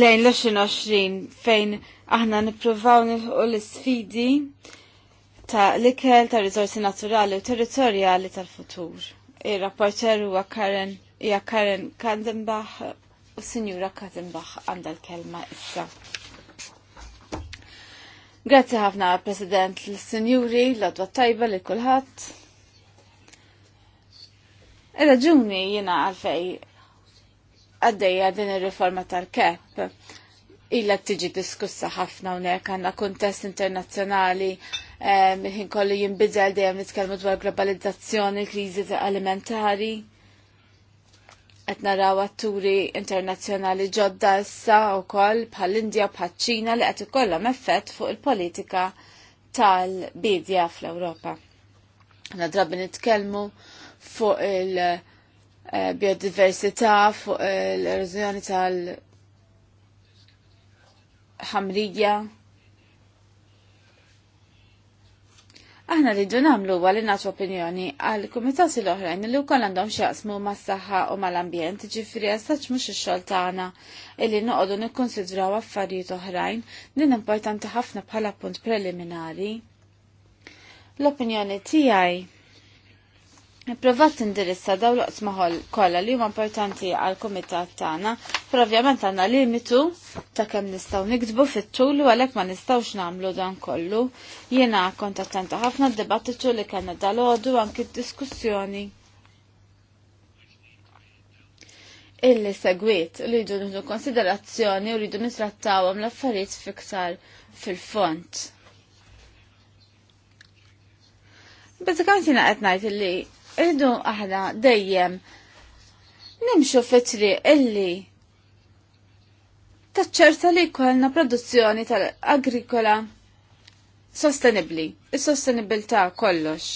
lejn l-20 fejn aħna nippruvaw nifqu l-sfidi ta' l-ikel ta' rizorsi naturali u territorjali tal-futur. Ir-rapporter huwa Karen hija Karen Kandenbach u Sinjura Kandenbach għandha l-kelma issa. Grazzi ħafna, President, l-Senjuri, l-Adwa Tajba, li kulħadd. Raġuni jina għalfej għaddejja din ir-riforma tal-KEP illa tiġi diskussa ħafna unek għanna kontest internazzjonali eh, mill-ħin kollu jimbidel dejjem nitkellmu dwar globalizzazzjoni, kriżi alimentari qed naraw atturi internazzjonali ġodda issa wkoll bħall-Indja bħal ċina li qed ikollhom effett fuq il-politika tal-bidja fl-Ewropa. Għanna drabi nitkellmu fuq il-biodiversità, eh, fuq l-erużjoni tal-ħamrija, Aħna li ddu namlu għalli natu opinjoni għal kumitati l-oħrajn li u għandhom xjaqsmu ma' s-saħħa u ma' l-ambjent ġifri għastax mux il-xol tagħna illi noqogħdu nikkonsidraw affarijiet oħrajn din importanti ħafna bħala punt preliminari. L-opinjoni tiegħi Provat indirizza daw loqs maħol kolla li huma importanti għal komitat tagħna, però ovvjament għandna limitu ta' kemm nistgħu nikdbu fit-tul u għalhekk ma nistgħux nagħmlu dan kollu. Jiena kont attenta ħafna d-dibattitu li kellna dal-għodu anki d-diskussjoni. Illi segwit li jdu nħdu konsiderazzjoni u li jdu nitrattawhom l-affarijiet fiktar fil-font. Bazzikant jina qed ngħid illi Irdu aħna dejjem nimxu fitri illi taċċerta li kolna produzzjoni tal-agrikola sostenibli, il-sostenibilta kollox.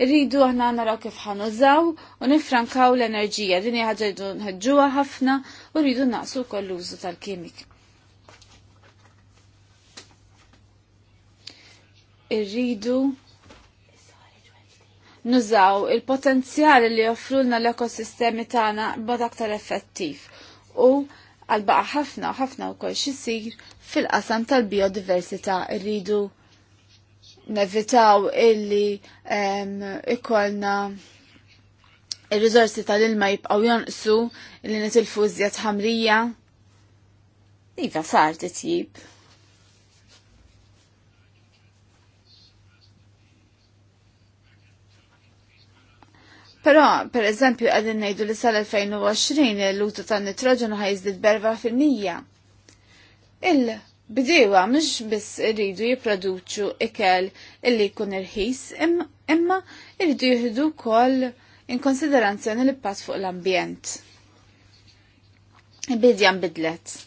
Irridu aħna naraw kif ħanużaw u nifrankaw l-enerġija, din hija ħaġa nħeġġuha ħafna u rridu naqsu wkoll l-użu tal-kimik. Irridu nużaw il-potenzjali li joffrulna l-ekosistemi tagħna b'mod aktar effettiv u għalbaqa ħafna u ħafna wkoll xisir fil-qasam tal-biodiversità rridu nevitaw illi ikollna il-rizorsi tal-ilma jibqaw jonqsu illi nitilfu iżjed ħamrija. Iva sar titjib. Però, per eżempju, għadin nejdu li sal-2020 l-lutu ta' nitrogenu ħajżdid berva fil-mija. il bidiwa mux biss irridu jiproduċu ikel illi kun irħis, imma irridu jihdu kol in konsiderazzjoni li pass fuq l-ambjent. Bidjan bidlet.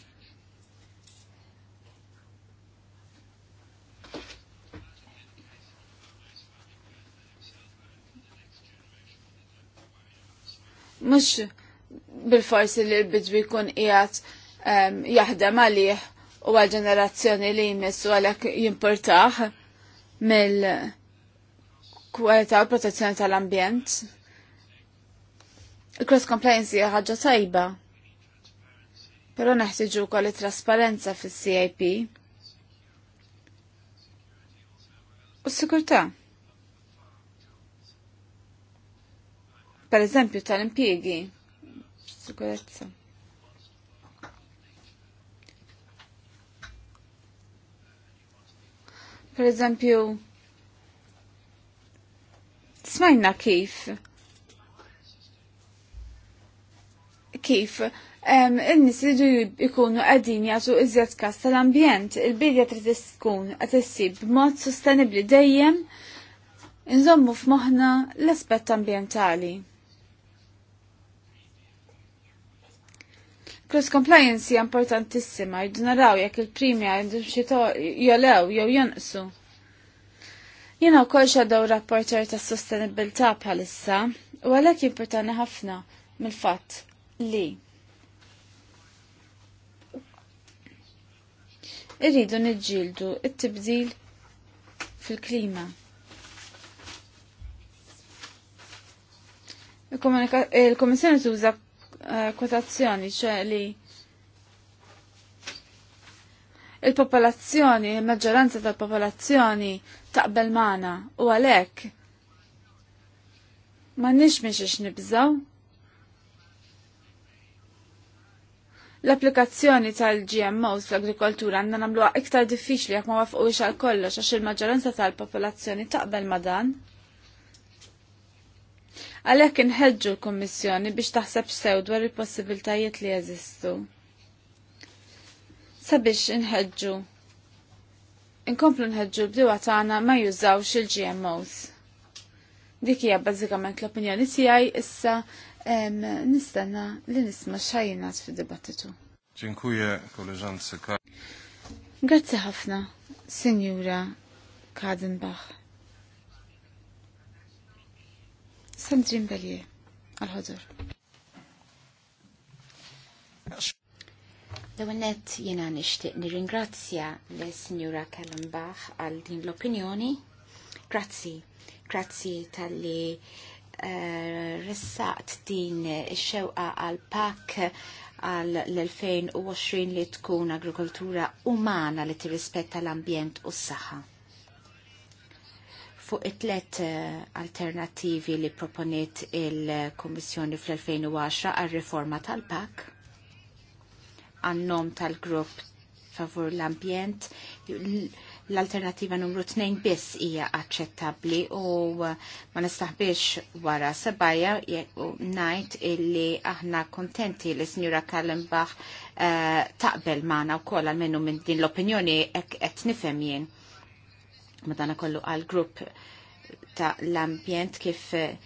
mux bil-forsi li l-bidwi kun ijat ehm, jahdem għalih u għal-ġenerazzjoni li jmiss u għalek jimportaħ mill-kwalità u protezzjoni tal-ambjent. Cross compliance hija ħaġa tajba. Però neħtieġu wkoll trasparenza fis-CIP. U s-sikurtà. per eżempju tal impiegi Sikurezza. Per eżempju, smajna kif kif um, in-nis du jkunu qegħdin jagħtu iżjed kas tal-ambjent, il-bidja trid tkun qed issib b'mod sostenibbli dejjem inżommu f'moħħna l-aspett ambjentali. Cross compliance hija importantissima, jridu naraw jekk il-primja jolew jew jonqsu. Jiena wkoll xadew rapporter ta' sostenibilità bħalissa, u għalhekk importanti ħafna mill-fatt li irridu niġġieldu it-tibdil fil-klima. Il-Komissjoni tuża Eh, kwotazzjoni ċe li il-popolazzjoni, il-maġġoranza tal-popolazzjoni taqbel mana u għalek ma nix miex nibżaw. L-applikazzjoni tal-GMOs fl-agrikoltura għandna nagħmluha iktar diffiċli jekk ma wafquwix għal kollox għax il-maġġoranza tal-popolazzjoni taqbel ma dan. Għalhekk inħeġġu l-Kummissjoni biex taħseb sew dwar il-possibiltajiet li jeżistu. Sabiex inħeġġu inkomplu nħeġġu l-bdiwa tagħna ma jużawx il-GMOs. Dik hija bażikament l-opinjoni tiegħi issa nistanna li nisma' xajinat fid-dibattitu. Dziękuję koleżance Grazie ħafna, Signora Kadenbach. Sandrin Belje, għal-ħodur. Dawennet jena nishtiq nir-ingrazzja l-Signora Kalambach għal din l-opinjoni. Grazzi, grazzi tal-li uh, ressaqt din xewqa għal pak għal l-2020 li tkun agrikoltura umana li tirrispetta l-ambjent u s-saħħa fuq it-tlet eh, alternativi li proponiet il-Kommissjoni fl-2010 għal-riforma tal-PAK għannom tal-grupp favur l-ambjent. L-alternativa numru 2 biss hija aċċettabbli u eh, ma nistaħbiex wara sebajja ngħid illi aħna kontenti li Sinjura Kallenbach eh, taqbel magħna wkoll għalmenu minn din l-opinjoni qed nifhem jien madana kollu għal-grupp ta' l-ambjent kif eh,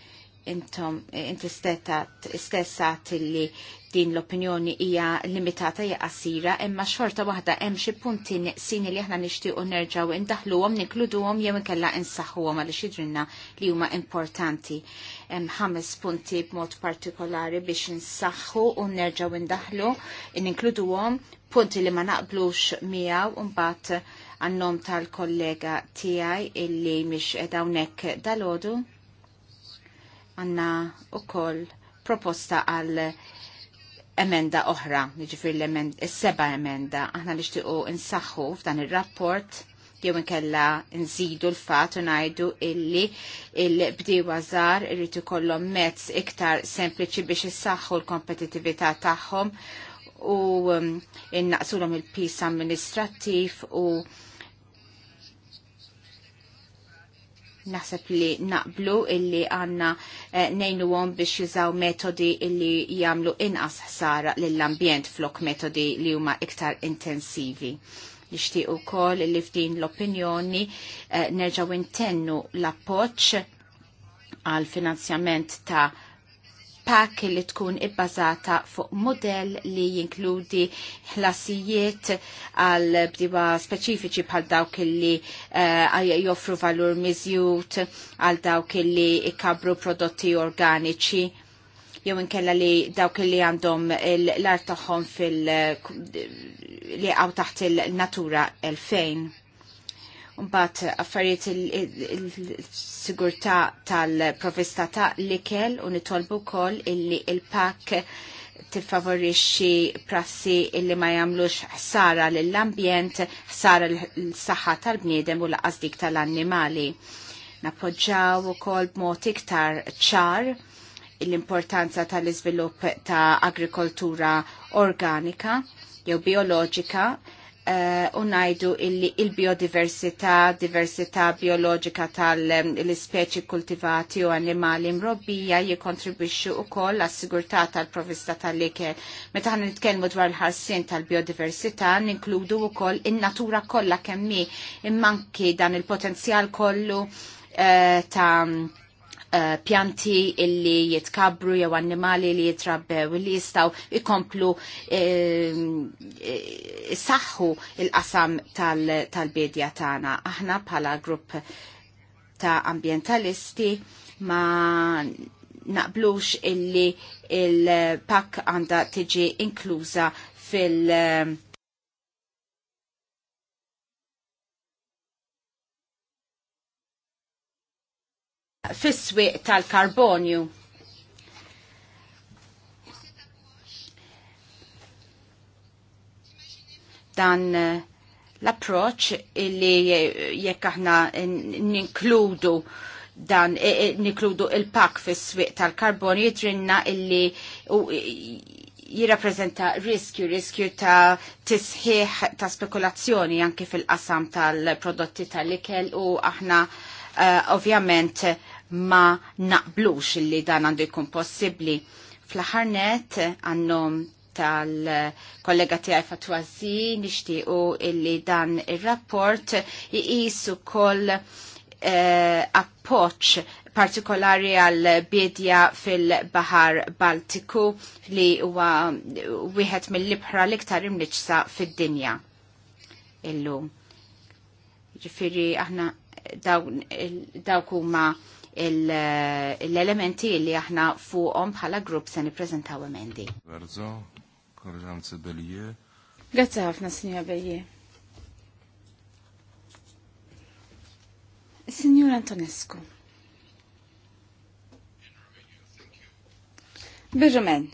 intom eh, intistetta stessa tilli din l-opinjoni hija limitata hija qasira imma xorta waħda hemm xi punti neqsini li aħna nixtiequ nerġgħu indaħluhom nikluduhom jew inkella insaħħuhom għal xidrinna li huma importanti. Hemm ħames punti b'mod partikolari biex insaħħu u nerġgħu indaħlu ninkluduhom punti li ma naqblux miegħu u mbagħad għannom tal-kollega tijaj illi mish dawnek dal-ħodu għanna u koll proposta għal emenda oħra, nġifir l-seba emenda, aħna li xtiqo nsaxħu f'dan il-rapport jew inkella nżidu l-fat u ngħidu illi il bdiwa żgħar irritu ikollhom mezz iktar sempliċi biex issaħħu l kompetitivita tagħhom u um, innaqsulhom il-pis amministrattiv u naħseb li naqblu illi għanna eh, nejnu għom biex jużaw metodi illi jamlu inqas ħsara l-ambjent flok metodi li huma iktar intensivi. Nishtiq u kol li f'din l-opinjoni eh, nerġaw intennu l-appoċ għal finanzjament ta' pak li tkun ibbażata fuq modell li jinkludi ħlasijiet għal bdiba speċifiċi bħal dawk li eh, joffru valur miżjut għal dawk li ikabru prodotti organiċi jew inkella li dawk li għandhom l-art tagħhom fil- li għaw taħt il-natura 2000 Mbagħad affarijiet il-sigurtà tal-provista ta' l-ikel u nitolbu wkoll illi il-pak tiffavorixxi prassi illi ma jagħmlux ħsara lill-ambjent, ħsara l-saħħa tal-bniedem u laqas dik tal-annimali. Nappoġġaw ukoll b'mod iktar ċar l-importanza tal-iżvilupp ta' agrikoltura organika jew bioloġika Eh, u najdu illi il-biodiversità, diversità biologika tal-ispeċi kultivati u animali mrobbija jikontribwixxu wkoll għas sigurtà tal-provista tal-ikel. Meta ħan nitkellmu dwar l-ħarsien tal-biodiversità ninkludu wkoll in-natura kollha kemm immanki dan il-potenzjal kollu eh, ta' Eh, pjanti illi jitkabru jew annimali li jitrabbew illi jistaw ikomplu ehm, eh, saħħu il-qasam tal-bedja tagħna. Aħna bħala grupp ta' ambientalisti ma naqblux illi il-pak għanda tiġi inkluża fil- uh, fis-swieq tal-karbonju. Dan eh, l-approċ illi jekk aħna ninkludu dan eh, eh, nikludu il-pak fis swieq tal-karbonju jitrinna illi jirrapprezenta riskju, riskju ta' tisħiħ ta' spekulazzjoni anki fil-qasam tal-prodotti tal-ikel u aħna uh, ovvjament uh, ma naqblux li dan għandu jkun possibli. Fl-ħarnet għannom tal-kollega tijaj fatwazi nishtiqu illi dan il-rapport jisu kol eh, appoċ partikolari għal bidja fil-Bahar Baltiku li huwa wieħed mill-libħra l-iktar imniċsa fid-dinja illum. Ġifiri aħna dawk huma daw l-elementi li aħna fuqhom bħala grupp se niprezentaw emendi. Verzo, korġanzi Belje. Grazzi ħafna, Sinjora Belje. Signor Antonescu. Birrumen.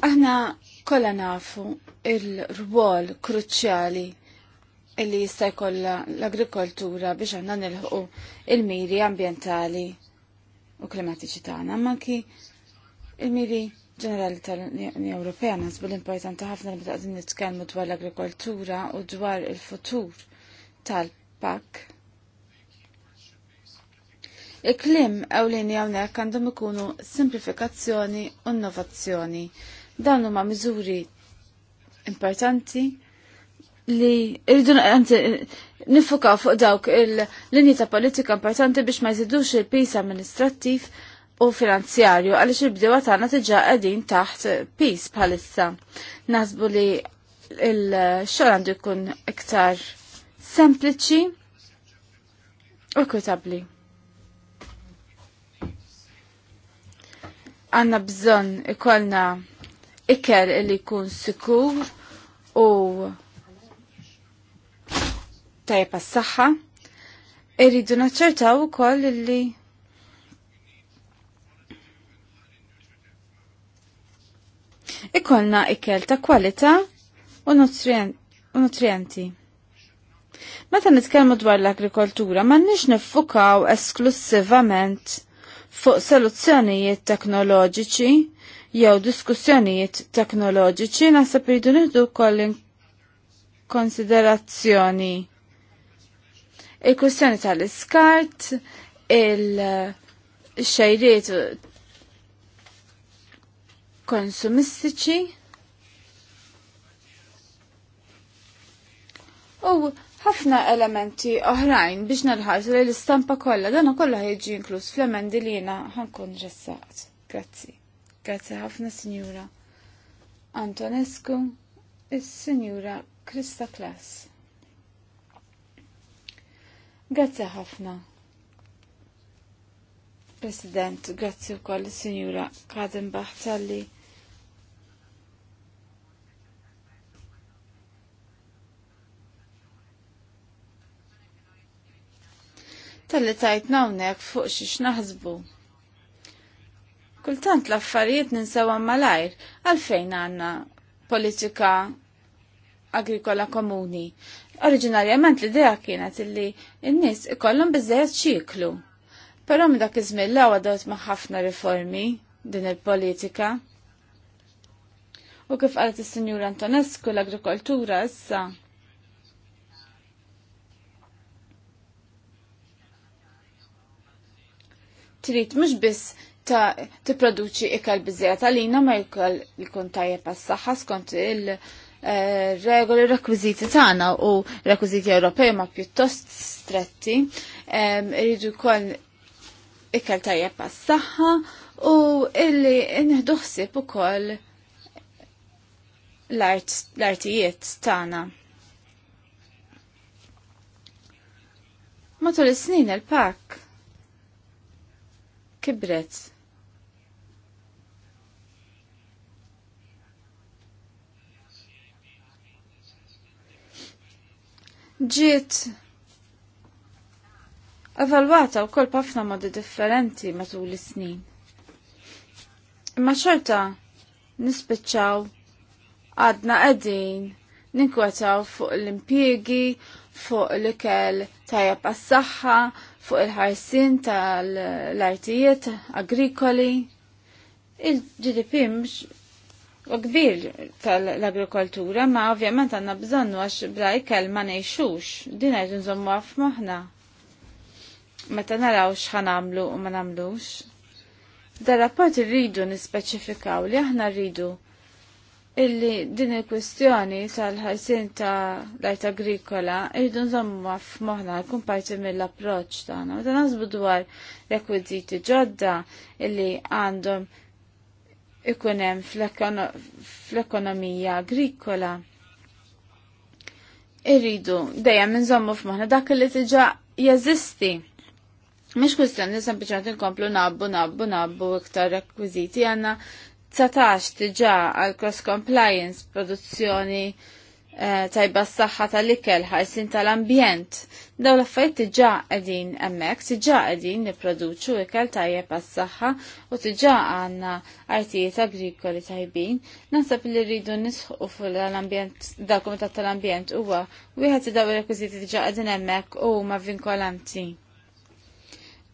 Aħna kolla nafu il-rwol kruċjali illi jista' jkollha l-agrikoltura biex għanna nilħu il-miri ambjentali u klimatiċi tagħna, manki anki il-miri ġenerali tal-Unjoni Ewropea nasbu l-importanti ħafna li taqdin nitkellmu dwar l-agrikoltura u dwar il-futur tal-pak. Il-klim ewlieni hawnhekk għandhom ikunu simplifikazzjoni u innovazzjoni. Dawn huma miżuri importanti li irridu nifuka fuq dawk il-linji ta' politika importanti biex ma jżidux il-pis amministrattiv u finanzjarju għaliex il-bdewa tagħna tiġa qegħdin taħt pis bħalissa. Nasbu li il-xogħol għandu jkun iktar sempliċi u kwitabli. Għanna bżonn ikollna ikel li jkun sikur u tajjeb s-saxħa, Irridu naċċertaw ukoll illi Ikolna ikel ta' kwalità u nutrienti. Meta nitkellmu dwar l-agrikoltura, m'għandniex niffukaw esklusivament fuq soluzzjonijiet teknoloġiċi jew diskussjonijiet teknoloġiċi naħseb iridu nieħdu wkoll konsiderazzjoni il kustjoni tal-iskart, il-xejriet konsumistiċi u ħafna elementi oħrajn biex nerħasu li l-istampa kollha dan kollha jiġi inkluż fl-emendi li jiena ħankun ressaqt. Grazzi. Grazzi ħafna Sinjura Antonescu is-Sinjura Krista Klass. Grazzi ħafna. President, grazzi wkoll is-Sinjura Kadenbach talli tajt nawnek fuq xiex naħsbu. Kultant l-affarijiet ninsawa malajr, għalfejn għanna politika agrikola komuni. Oriġinarjament l-idea kienet illi n-nies ikollhom biżejjed ċiklu. Però minn dak iż-żmien l-ewwel dawt ma' ħafna riformi din il-politika. U kif qalet is-Sinjur Antonescu l-agrikoltura issa trid mhux biss ta' tipproduċi ikel biżejjed għalina ma jkoll jkun tajjeb għas-saħħa skont il- Eh, regoli rekwiziti tagħna u rekwiziti Ewropej ma pjuttost stretti, irridu wkoll ikkel tajjeb għas-saħħa u illi ħsieb ukoll l-artijiet tagħna. Matul is-snin il-pak kibret ġiet evalwata u kol pafna modi differenti matul is-snin. Imma xorta nispiċċaw għadna għedin ninkwetaw fuq l-impiegi, fuq l-ikel tajja pas-saħħa, fuq il-ħarsin tal-artijiet agrikoli. Il-GDP mx kbir tal-agrikoltura, ma ovvjament għanna bżonnu għax bla ikel ma nejxux, din għed nżommu għaf moħna. Meta naraw xħan għamlu u ma namlux. Da rapport rridu nispeċifikaw li aħna rridu illi din il-kwestjoni tal-ħajsin ta' lajt agrikola irridu nżommu għaf moħna kun parti mill-approċ tagħna. Meta nasbu dwar rekwiziti ġodda illi għandhom ikun hemm fl-ekonomija agrikola. Irridu dejjem inżommu f'moħħna dak li tiġa jeżisti. Mhix kwistjoni sempliċement inkomplu nabbu nabbu nabbu iktar rekwiżiti għandna 19 tiġa għal cross compliance produzzjoni Eh, tajba s-saxħa tal-ikel, ħarsin tal-ambjent. Daw l-affajt tiġa edin emmek, tiġa edin niproduċu ikel tajjeb għas-saxħa u tiġa għanna artijiet agrikoli tajbin. Nasab li rridu nisħu l ambjent dal-komitat tal-ambjent huwa wieħed daw il-rekwiziti tiġa edin emmek u ma vinkolanti.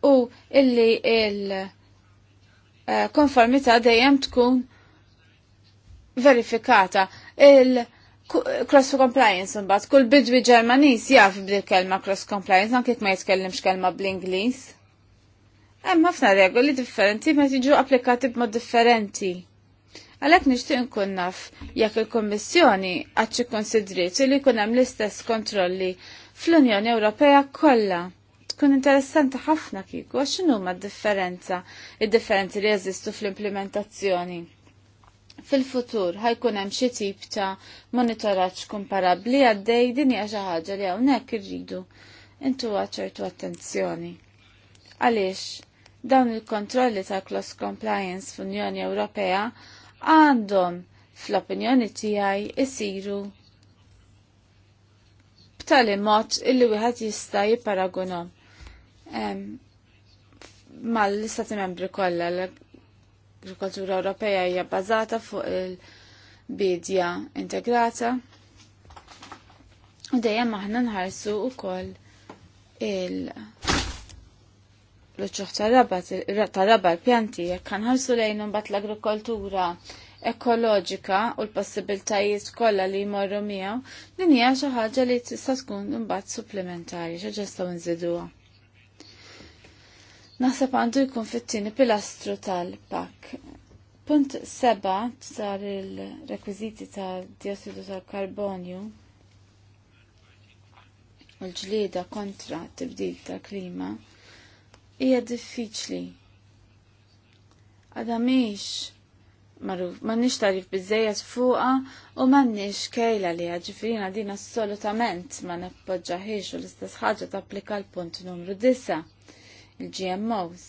U illi il-konformita eh, dejjem tkun verifikata. il cross compliance mbagħad kull bidwi Ġermaniż jaf bdil kelma cross compliance anke ma jitkellimx kelma bl-Ingliż. Hemm ħafna regoli differenti ma jiġu applikati b'mod differenti. Għalhekk nixtieq nkun naf jekk il-Kummissjoni għadx ikkonsidriet li jkun hemm l-istess kontrolli fl-Unjoni Ewropea kollha. Tkun interessanti ħafna kieku għax x'inhuma d-differenza, id-differenzi li jeżistu fl-implementazzjoni fil-futur ħajkun hemm xi tip ta' monitoraġġ komparabbli għaddej din hija xi ħaġa li hawnhekk irridu intu ċertu attenzjoni. Għaliex dawn il-kontrolli ta' close compliance fl-Unjoni Ewropea għandhom fl-opinjoni tiegħi isiru b'tali mod illi wieħed jista' jipparagunhom mal-istati membri kollha l kultura Ewropea hija bbażata fuq il-bidja integrata. U dejjem aħna nħarsu wkoll il- l-ċoħ tal-raba l-pjanti, jekk nħarsu lejn mbagħad l-agrikoltura ekoloġika u l-possibiltajiet kollha li jmorru miegħu, din hija xi ħaġa li tista' tkun imbagħad supplementari, xi ġestgħu nżiduha. Naħseb għandu jkun fit-tieni pilastru tal-pak. Punt seba sar il-rekwiziti tal-diossidu tal-karbonju u l-ġlieda kontra tibdil tal-klima hija diffiċli. Għada miex ma nix tarif bizzejas fuqa u nix kejla li ġifirina din assolutament ma nappoġġaħiex u l-istess ħaġa tapplika l-punt numru 9 il-GMOs.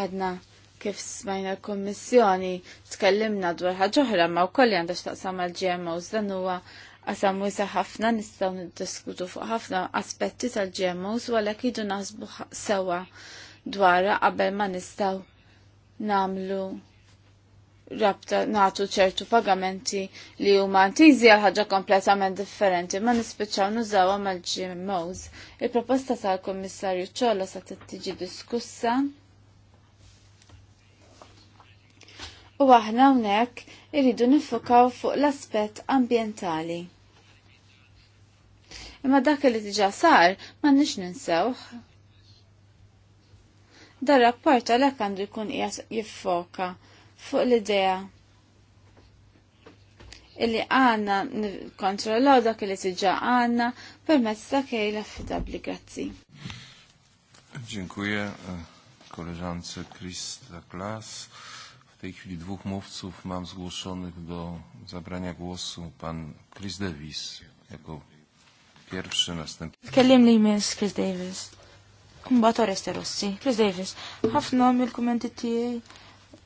Għadna kif smajna l-Kommissjoni tkellimna dwar ħagħuħra ma wkoll għandha taqsam mal-GMOs dan huwa qasam wisa ħafna nistgħu niddiskutu fuq ħafna aspetti tal-GMOs u għalhekk idu naħsbu sewa dwar qabel ma nistgħu namlu rabta natu ċertu pagamenti li huma antizi għal ħaġa kompletament differenti ma nispiċċaw nużaw mal-GMOs. Il-proposta tal-Kummissarju ċolla sa tiġi diskussa. U aħna hawnhekk irridu nifokaw fuq l-aspett ambjentali. Imma dak li diġà sar ma nix ninsewħ. Dar rapport għalhekk għandu jkun qiegħed jiffoka fuq l-idea illi għanna kontrollaw dak li tiġa għanna per permezz ta' kejla fidabli grazzi. Dziękuję e, koleżance Krista Klas. W tej chwili dwóch mówców mam zgłoszonych do zabrania głosu. Pan Chris Davis jako pierwszy następny. Kellim li jmiss Chris Davis. Mbator Rossi. Chris Davis, ħafna mill-kommenti tijej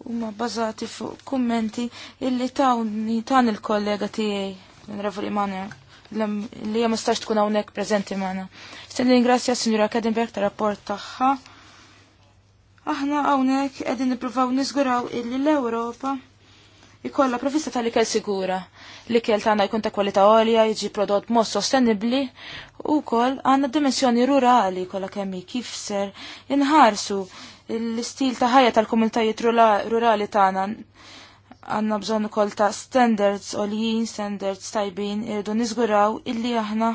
huma bbażati fuq kummenti illi tawni tan il-kollega tiegħi l-Onorevoli Manuel li hija mistax tkun hawnhekk preżenti magħna. Sten ningrazzja Sinjura Kedenberg tar-rapport tagħha. Aħna hawnhekk qegħdin nippruvaw niżguraw illi l-Ewropa jkollha provvista tal ikel sigura. L-ikel tagħna jkun ta' kwalità għolja, jiġi prodott mod sostenibbli u wkoll għandna dimensjoni rurali kollha kemm kif ser inħarsu l-istil ta' ħajja tal-komunitajiet rurali tagħna għandna bżonn ukoll ta' standards għoljin, standards tajbin, irridu niżguraw illi aħna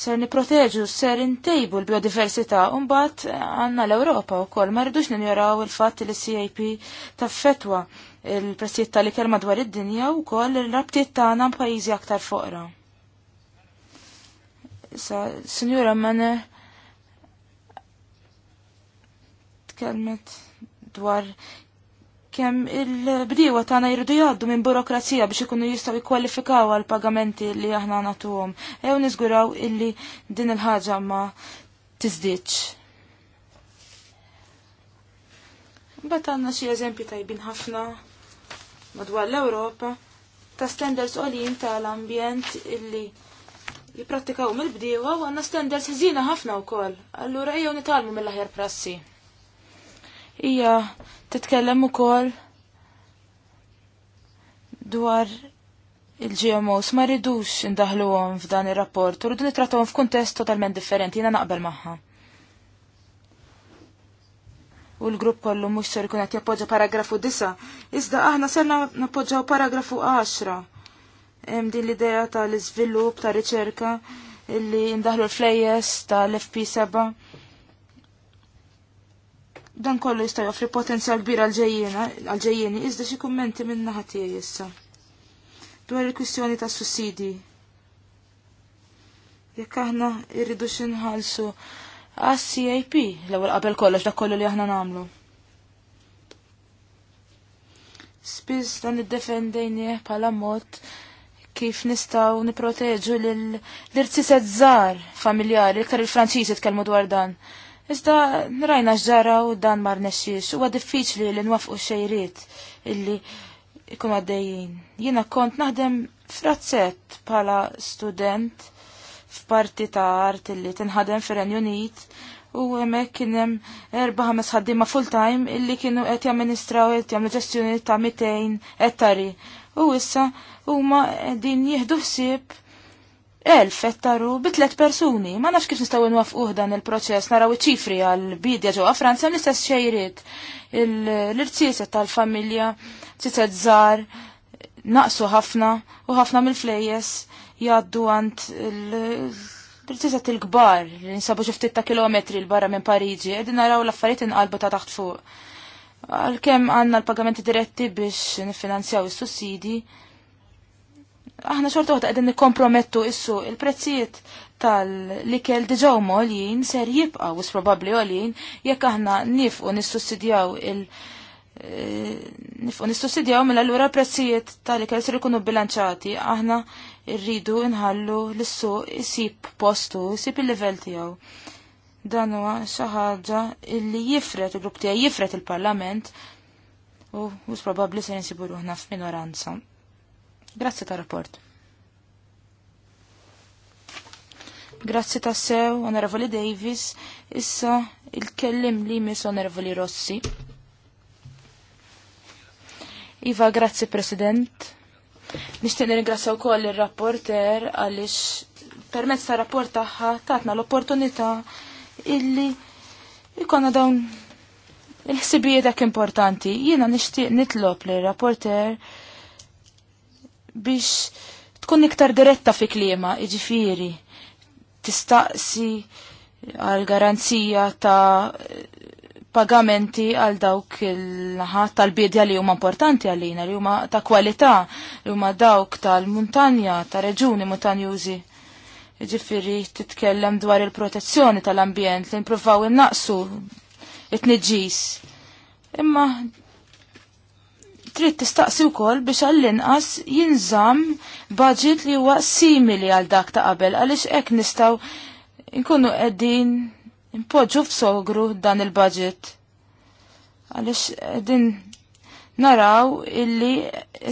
ser niproteġu, ser intejbu l-biodiversità, unbat għanna l-Europa u koll, ma rridux ninjoraw il-fat li CIP fetwa il-pressijiet tal-ikel madwar id-dinja u koll il-rabtiet tagħna pajizi aktar foqra. Sa, Signora Manner, tkellmet dwar kemm il-bdiewa tagħna jridu jgħaddu minn burokrazija biex ikunu jistgħu jikkwalifikaw għal pagamenti li aħna nagħtuhom. Ew niżguraw illi din il-ħaġa ma tiżdiedx. Mbagħad għandna xi eżempji tajbin ħafna madwar l-Ewropa ta' standards għolin tal-ambjent illi jipprattikaw mill-bdiewa u għandna standards ħżina ħafna wkoll. Allura ejjew nitalmu mill-aħjar prassi hija titkellem ukoll dwar il-GMOs ma rridux indaħluhom f'dan ir-rapport, rridu nitrattawhom f'kuntest totalment differenti, jiena naqbel magħha. U l-grupp kollu mhux ser ikun qed jappoġġa paragrafu 9, iżda aħna ser nappoġġaw paragrafu 10. Hemm din l-idea tal-iżvilupp ta' riċerka illi ndaħlu l-flejjes tal-FP7 Dan kollu jista' joffri potenzjal kbir għal-ġejjieni, iżda xi kummenti minn naħa tiegħi issa. Dwar il-kwistjoni ta' sussidi. Jekk aħna irridu nħallsu għas cap l-ewwel qabel kollox dak kollu li aħna nagħmlu. Spiss dan iddefendejnieh bħala mod kif nistgħu niproteġu l-irtiset żgħar familjari, kar il-Franċiżi tkellmu dwar dan. Iżda rajna ġara u dan mar nexxiex, huwa diffiċli li nwafqu xejriet illi ikun għaddejjin. Jiena kont naħdem frazzett bħala student f'parti ta' art illi tinħadem fir-Renju Unit u hemmhekk kien hemm erba' ħames ħaddiema full time illi kienu qed jamministraw qed jagħmlu ġestjoni ta' 200 ettari. U issa huma qegħdin jieħdu ħsieb elf ettaru bi tliet persuni. Ma nafx kif nistgħu nwafquh dan il-proċess naraw iċ-ċifri għal bidja ġewwa Franza l-istess xejriet. L-irċiset tal-familja, ċiset żgħar, naqsu ħafna u ħafna mill-flejjes jgħaddu għand l-irċiset il-kbar li nsabu ftit ta' kilometri l-barra minn Pariġi, qegħdin naraw l-affarijiet inqalbu ta' taħt fuq. Għalkemm għandna l-pagamenti diretti biex nifinanzjaw is-sussidi, aħna xorta għadha qegħdin nikkompromettu issu il-prezzijiet tal-likel diġaw għolin ser jibqa' u probabbli għolin jekk aħna nifqu nissussidjaw il- eh, nifqu nistussidjaw mill mela allura prezzijiet tal-ikel ser ikunu bilanċati, aħna rridu nħallu l-issu jisib postu, jisib il-level tiegħu. Dan huwa xi ħaġa li jifret il-grupp tiegħi jifret il-Parlament u probabbli se nsibu f f'minoranza. Grazzi ta' rapport. Grazzi ta' sew, Onorevoli Davis. Issa il-kellim li mis Onorevoli Rossi. Iva, grazzi President. Nishtiq nirringrazzja wkoll ir-rapporter għaliex permezz ta' rapport tagħha tatna l-opportunità illi ikonna dawn il-ħsibijiet dak importanti. Jiena nixtieq nitlob lir rapporter biex tkun iktar diretta fi klima, iġifiri, tistaqsi għal garanzija ta' pagamenti għal dawk il-ħat tal-bidja li huma importanti għalina, li huma ta' kwalità, li huma dawk tal-muntanja, ta' reġuni muntanjużi. Ġifiri, titkellem dwar il-protezzjoni tal-ambjent li nipruvaw innaqsu it-nġis. Imma trid tistaqsi wkoll biex għall-inqas jinżamm budget li huwa simili għal dak ta' qabel għaliex hekk nistgħu nkunu qegħdin impoġġu f'sogru dan il-budget. Għaliex qegħdin naraw illi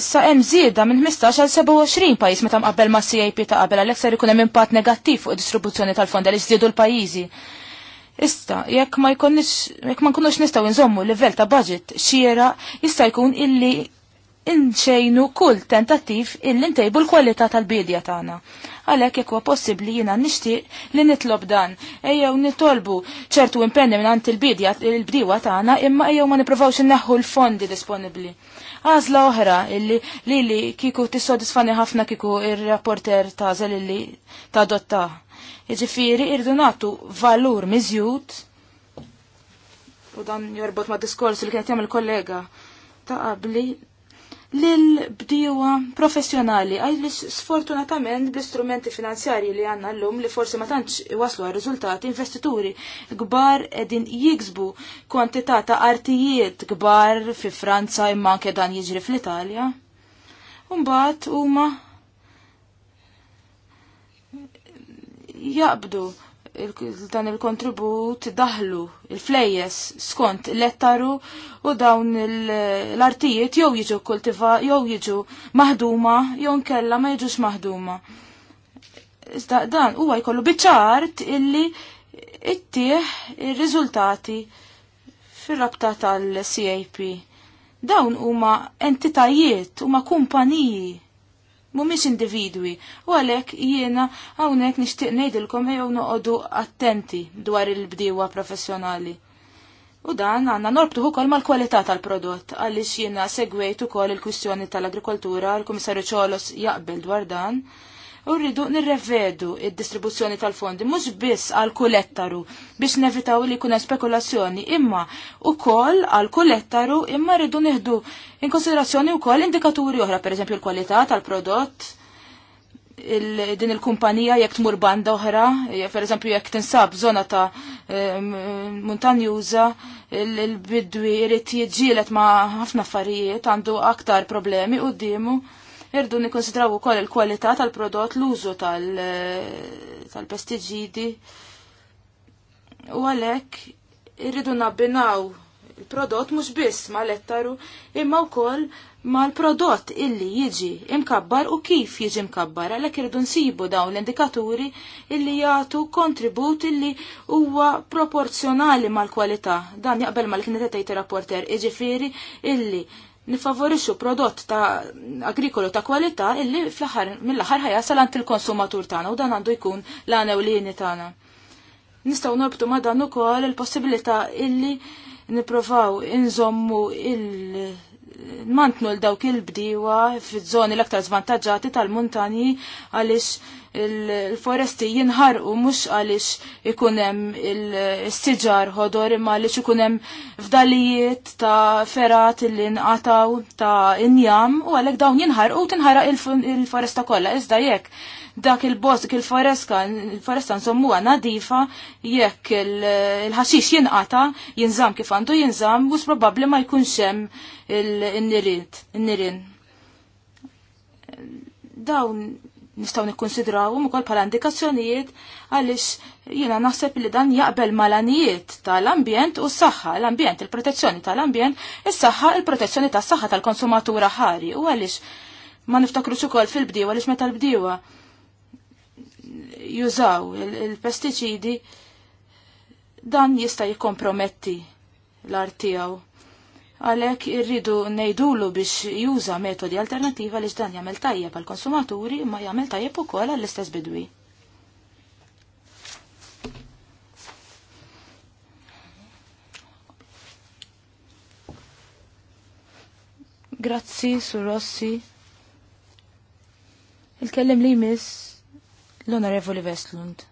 issa hemm żieda minn 15 għal 27 pajjiż meta mqabbel ma' CIP ta' qabel għalhekk ser ikun hemm impatt negattiv fuq id-distribuzzjoni tal-fondi għaliex żdiedu l-pajjiżi. Issa, jekk ma jkunniex jekk ma nkunux nistgħu nżommu livell ta' budget xiera, jista' jkun illi inxejnu kull tentattiv illi ntejbu l-kwalità tal-bidja tagħna. Għalhekk jekk huwa possibbli jiena nixtieq li nitlob dan ejjew nitolbu ċertu impenni minn il-bidja il-bdiewa tagħna imma ejjew ma nippruvawx inneħħu l-fondi disponibbli għazla oħra illi li li kiku tissodisfani ħafna kiku ir rapporter ta' li ta' dotta. Jiġifieri irdu nagħtu valur miżjud u dan jorbot ma' diskors li kienet jagħmel kollega ta' qabli lil-bdiewa professjonali għajlis sfortunatament bl-istrumenti finanzjarji li għanna l-lum li forsi ma tantx waslu għal riżultati investituri kbar edin jiksbu kwantità ta' artijiet kbar fi Franza imma anke dan jiġri fl-Italja. Umbat huma jaqbdu dan il-kontribut daħlu il-flejjes skont l-ettaru u dawn l-artijiet jew jiġu kultiva jew jiġu maħduma jew nkella ma jiġux maħduma. Iżda dan huwa jkollu biċart illi ittieħ ir-riżultati fir-rabta tal-CAP. Dawn huma entitajiet, huma kumpaniji mumiex individwi, u għalek jiena għawnek nishtiq nejdilkom jew noqodu attenti dwar il-bdiwa professjonali. U dan għanna norbtuħu kol mal-kwalità tal-prodott, għalix jiena segwejtu kol il-kwistjoni tal-agrikoltura, l-Komissarju ċolos jaqbel dwar dan, U rridu nirrevedu id-distribuzzjoni tal-fondi, mhux biss għal kulettaru biex nevitaw li kuna spekulazzjoni, imma u għal kulettaru imma rridu nieħdu in konsiderazzjoni u indikaturi oħra, per eżempju l-kwalità tal-prodott, il din il-kumpanija jekk tmur banda oħra, eh, per eżempju jekk tinsab zona ta' eh, eh, montanjuża, il-bidwi irid jiġġielet ma' ħafna affarijiet għandu aktar problemi u Irdu nikkonsidraw ukoll il-kwalità tal-prodott, l-użu eh, tal-pestiġidi. u għalhekk irridu nabbinaw il-prodott mhux biss mal-ettaru imma wkoll mal-prodott illi jiġi imkabbar u kif jiġi imkabbar għalhekk irridu nsibu dawn l-indikaturi illi jagħtu kontribut illi huwa proporzjonali mal-kwalità. Dan jaqbel mal kienet tgħid rapporter iġifieri illi nifavorixxu prodott ta' agrikolo ta' kwalità illi fl-aħħar mill-aħħar ħajasal għand il-konsumatur tagħna u dan għandu jkun l-għana u l tagħna. Nistgħu norbtu ma' dan ukoll il-possibilità illi nippruvaw inżommu il- mantnu l-dawk il bdiewa fiż-żoni l-aktar zvantaġġati tal-muntanji għaliex il-foresti jinħarqu mhux għaliex ikun hemm il-siġar ħodor imma għaliex ikun hemm fdalijiet ta' ferat il nqataw ta' injam u għalhekk dawn jinħarqu tinħaraq il-foresta kollha iżda jekk dak il-bost, il foresta il-foresta nsommuha nadifa, jekk il-ħaxix jinqata, jinżam kif għandu jinżam, mhux probabbli ma jkunx hemm il-nirin. Dawn nistaw nikkonsidrawhom ukoll bħala indikazzjonijiet għaliex jiena naħseb li dan jaqbel malanijiet tal-ambjent u s-saħħa, l-ambjent, il-protezzjoni tal-ambjent, is-saħħa, il-protezzjoni tas-saħħa tal-konsumatura ħari u għaliex ma niftakrux ukoll fil-bdiewa għaliex meta l-bdiewa jużaw il-pestiċidi dan jista' jikkomprometti l-art tiegħu Għalek irridu nejdulu biex juża metodi alternativa li dan jagħmel tajjeb għal konsumaturi ma jagħmel tajjeb ukoll għall istess bidwi. Grazzi, Su Rossi. il kellem li jmiss l-Onorevoli Vestlund.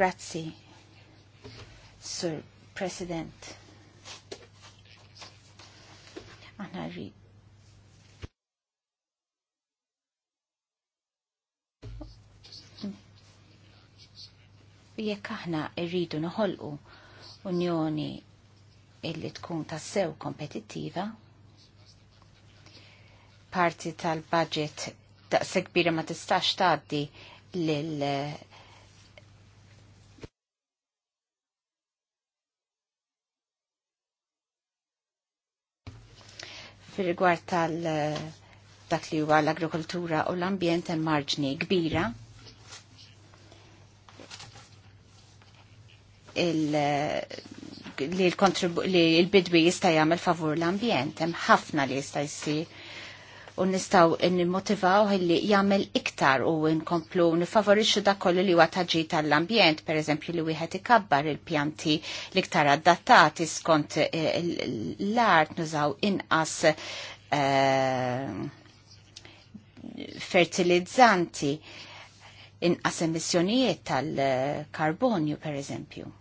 Grazzi, Sir President. jekk aħna rridu noħolqu unjoni illi tkun tassew kompetittiva, parti tal-budget daqse kbira ma tistax tgħaddi lil fil-rigward tal- eh, dak li huwa l-agrikoltura u l-ambjent hemm marġni kbira. Il, eh, li l-bidwi jista' jagħmel favur l-ambjent, hemm ħafna li jista' jsir u nistaw n-motivaw li jagħmel iktar u nkomplu nifavorixxu dak kollu li huwa tal-ambjent, pereżempju li wieħed ikabbar il-pjanti l-iktar adattati skont eh, l-art nużaw inqas eh, fertilizzanti inqas emissjonijiet tal-karbonju pereżempju.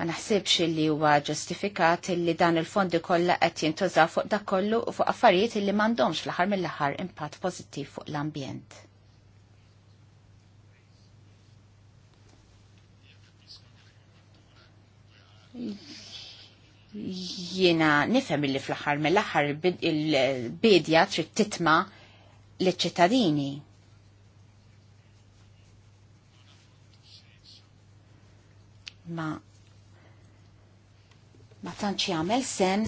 ma naħsibx li huwa ġustifikat li dan il-fondi kollha qed jintużaw fuq dak kollu u fuq affarijiet li m'għandhomx l-aħħar mill-aħħar impatt pożittiv fuq l-ambjent. Jiena nifhem li fl-aħħar mill-aħħar il-bidja trid titma' liċ-ċittadini. Ma' ma tantx jagħmel sen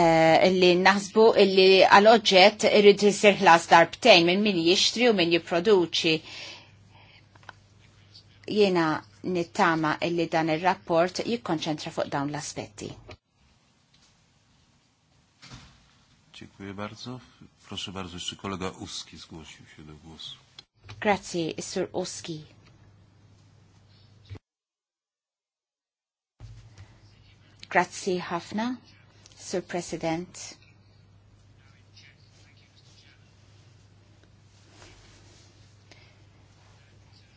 eh, li naħsbu li għal-oġġett irid isir ħlas darbtejn minn min jixtri u min jipproduċi. Jiena nittama illi dan ir-rapport jikkonċentra fuq dawn l-aspetti. Dziękuję bardzo. Proszę bardzo, jeszcze kolega Uski zgłosił się do głosu. Grazie, Sir Uski. Grazzi ħafna, Sur President.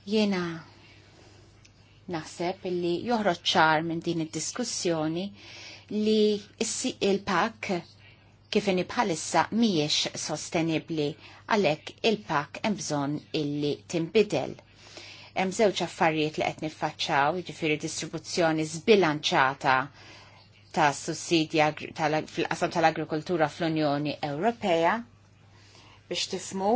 Jena naħseb illi joħroġ ċar minn din id-diskussjoni li il-pak kif ini bħalissa miex sostenibli għalek il-pak bżonn illi timbidel. Hemm żewġ affarijiet li qed niffaċċaw, jiġifieri distribuzzjoni zbilanċata ta' sussidja fil-qasam tal-agrikoltura fl-Unjoni Ewropea biex tifmu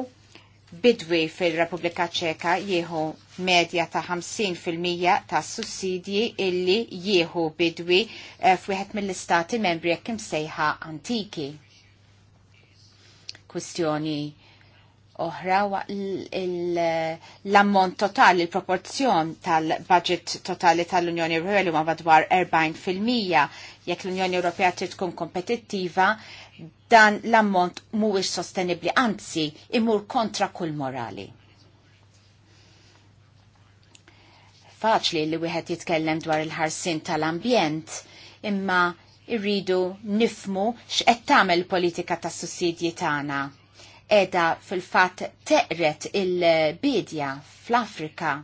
bidwi fil-Repubblika Ċeka jieħu medja ta' 50% ta' sussidji illi jieħu bidwi eh, f'wieħed mill-istati membri jekk imsejħa antiki. Kwistjoni oħra l-ammont totali, il-proporzjon tal-budget totali tal-Unjoni Ewropea li ma madwar 40% Jekk l-Unjoni Ewropea trid tkun kompetittiva, dan l-ammont mhuwiex sostenibbli, anzi imur kontra kull morali. Faċli li wieħed jitkellem dwar il-ħarsin tal-ambjent, imma irridu nifmu x'qed tagħmel politika tas sussidji tagħna. Eda fil-fatt teqret il-bidja fl-Afrika.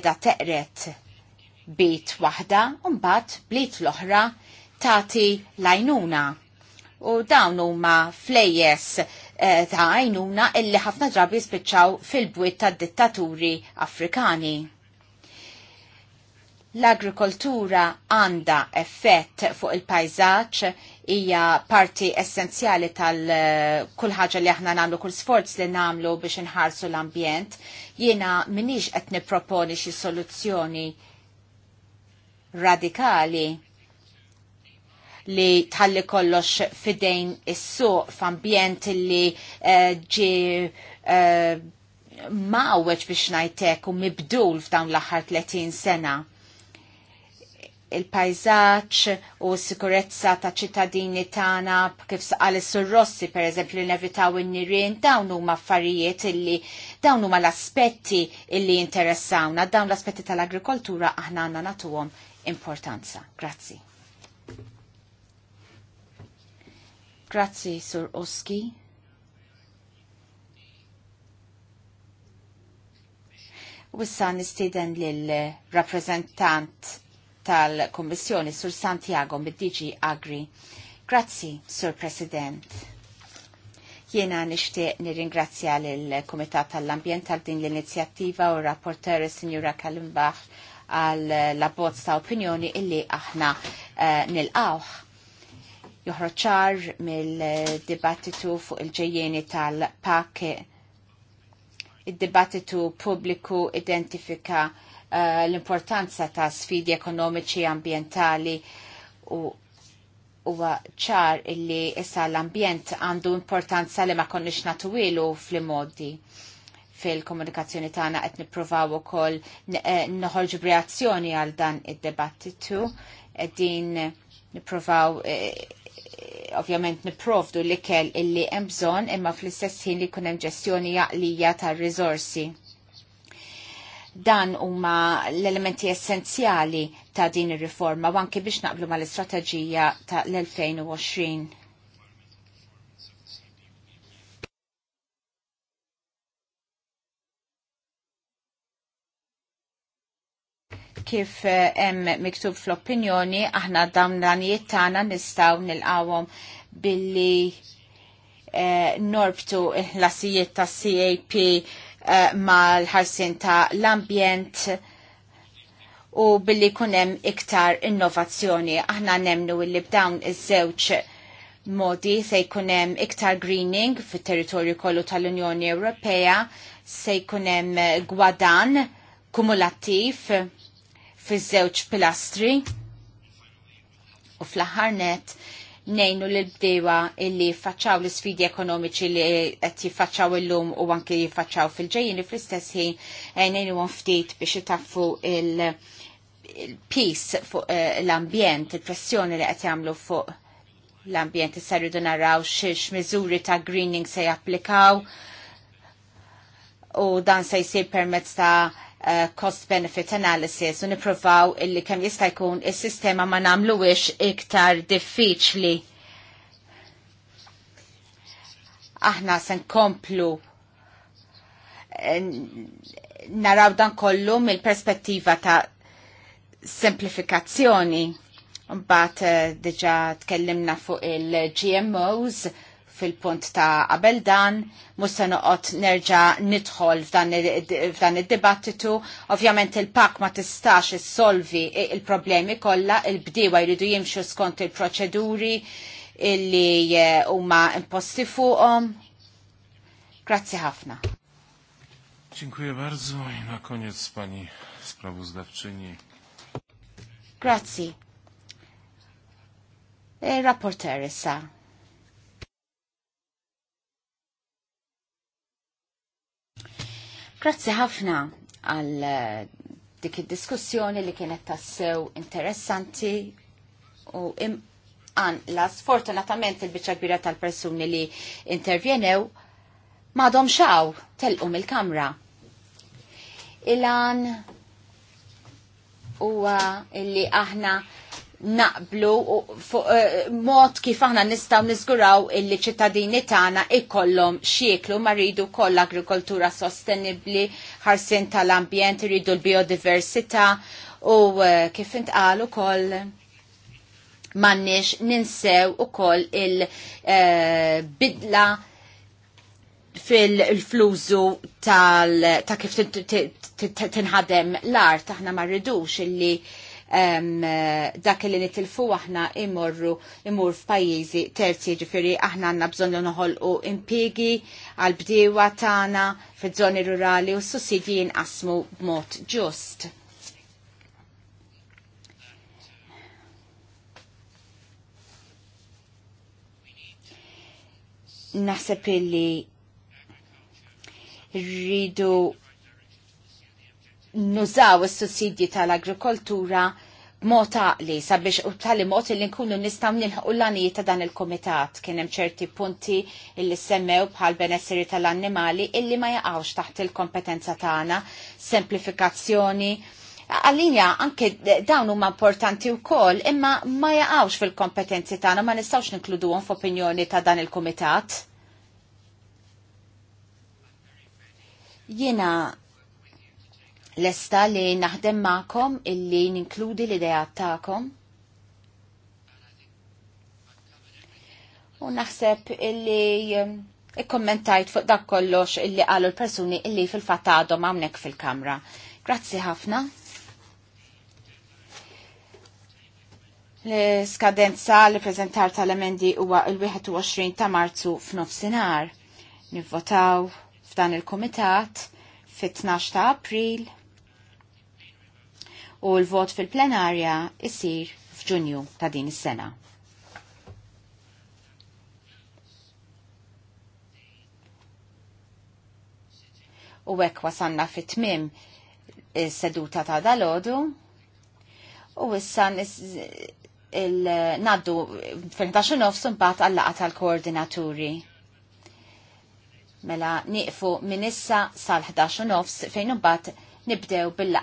Eda teqret bit waħda u mbagħad blit l-oħra tagħti lajnuna. U dawn huma flejjes eh, ta' għajnuna illi ħafna drabi spiċċaw fil-bwiet tad dittaturi Afrikani l-agrikoltura għanda effett fuq il-pajzaċ hija parti essenzjali tal eh, kull ħaġa li aħna nagħmlu kull sforz li nagħmlu biex inħarsu l-ambjent. Jiena minix qed nipproponi xi soluzzjoni radikali li tħalli kollox fidejn is-suq f'ambjent li eh, ġi eh, mawweċ biex najtek u mibdul f'dawn l-aħħar 30 sena il-pajzaċ u sikurezza ta' ċittadini tagħna kif saqal is-Sur Rossi eżempju li nevitaw in-nirien dawn huma affarijiet illi dawn huma l-aspetti illi interessawna dawn l-aspetti tal-agrikoltura aħna għandna nagħtuhom importanza. Grazzi. Grazzi, Sur Oski. Wissa nistiden lill-rappresentant tal-Kommissjoni Sur Santiago mid Agri. Grazzi, Sur President. Jiena nishtiq nirringrazzja l-Komitat tal-Ambjent għal din l-inizjattiva u rapporter Signora Kalimbach għal la bozz ta' opinjoni illi aħna uh, eh, nilqawh joħroċar mill-dibattitu fuq il-ġejjeni tal-pak id-dibattitu pubbliku identifika uh, l-importanza ta' sfidi ekonomiċi ambientali u huwa ċar illi issa l-ambjent għandu importanza li ma konniex natuwilu fl-modi fil-komunikazzjoni tagħna qed nippruvaw ukoll eh, noħorġu b'reazzjoni għal dan id-debattitu din nippruvaw eh, ovvjament niprovdu li kell illi hemm bżonn imma fl-istess ħin li jkun hemm ġestjoni jaqlija tar-riżorsi. Dan huma l-elementi essenzjali ta' din ir-riforma u anke biex naqblu mal-istrateġija tal 2020 kif eh, hemm miktub fl-opinjoni aħna dawn l-għanijiet tagħna nistgħu nilqawhom billi eh, norbtu l-assijiet ta' CAP eh, mal-ħarsin ta' l-ambjent u billi kunem iktar innovazzjoni. Aħna nemnu illi b'dawn iż-żewġ modi se jkunem iktar greening fit territorju kollu tal-Unjoni Ewropea, se jkunem gwadan kumulattiv fiż-żewġ pilastri u fl-aħħar net nejnu l-bdewa illi faċċaw l-sfidi ekonomiċi li qed jiffaċċaw illum u anke jiffaċċaw fil-ġejjin fl-istess ħin eh, nejnu ftit biex itaffu il-peace fuq eh, l-ambjent, il-pressjoni li qed jagħmlu fuq l-ambjent issa rridu naraw xiex miżuri ta' greening se japplikaw u dan se jsir permezz ta' Eh, cost benefit analysis u niprofaw illi kemm jista' jkun is-sistema ma wix iktar diffiċli. Aħna se nkomplu eh, naraw dan kollu mill-perspettiva ta' semplifikazzjoni. Mbagħad eh, diġà tkellimna fuq il-GMOs fil-punt ta' qabel dan, musta noqot nerġa nidħol f'dan id-dibattitu. Ovvjament il-pak ma tistax issolvi il-problemi kollha, il-bdiewa jridu jimxu skont il-proċeduri illi eh, huma imposti fuqhom. Grazzi ħafna. Dziękuję bardzo i na koniec pani sprawozdawczyni. Grazzi. E, rapporter Grazzi ħafna għal eh, dik id-diskussjoni li kienet tassew interessanti u imqan la sfortunatament il-bicċa kbira tal-persuni li intervjenew madhom xaw telqum il-kamra. Ilan huwa illi aħna naqblu fuq eh, mod kif aħna nistgħu niżguraw illi ċittadini tagħna ikollhom xieklu ma rridu koll agrikoltura sostenibbli, ħarsien tal-ambjent, rridu l-biodiversità u eh, kif intqal ukoll m'għandniex ninsew ukoll il-bidla eh, fil-flużu tal ta' kif tinħadem l-art aħna ma rridux illi Eh, dak li nitilfu aħna imorru imur f'pajjiżi terzi ġifiri aħna għandna bżonnu noħolqu impjiegi għal bdiewa tagħna fiż-żoni rurali u s-sussidji jinqasmu b'mod ġust. naħseb illi rridu nużaw is-sussidji tal-agrikoltura b'mod għaqli sabiex u tali mod li nkunu nistgħu nilħu l-għanijiet ta' dan il-komitat kien hemm ċerti punti illi semmew bħal benesseri tal-annimali illi ma jaqgħux taħt il-kompetenza tagħna, semplifikazzjoni. Għalija anke dawn huma importanti wkoll imma ma jaqgħux fil-kompetenzi tagħna ma nistgħux ninkluduhom f'opinjoni ta' dan il-kumitat. Jiena lesta li naħdem ma'kom illi ninkludi l-idea ta'kom. U naħseb illi um, ikkommentajt fuq dak kollox illi qalu l-persuni illi fil-fatt għadhom hawnhekk fil-kamra. Grazzi ħafna. L-skadenza li prezentar tal-emendi huwa il-21 ta' Marzu f'nofsinhar. Nivvotaw f'dan il-Kumitat fit-12 ta' April u l-vot fil-plenarja isir f'Ġunju ta' din is-sena. U hekk wasanna fit-tmim is-seduta ta' dalodu u issa il-naddu fil ħdax nofs mbagħad għallaqa tal-koordinaturi. Mela nieqfu minn issa sal-11 nofs fejn imbagħad nibdew bil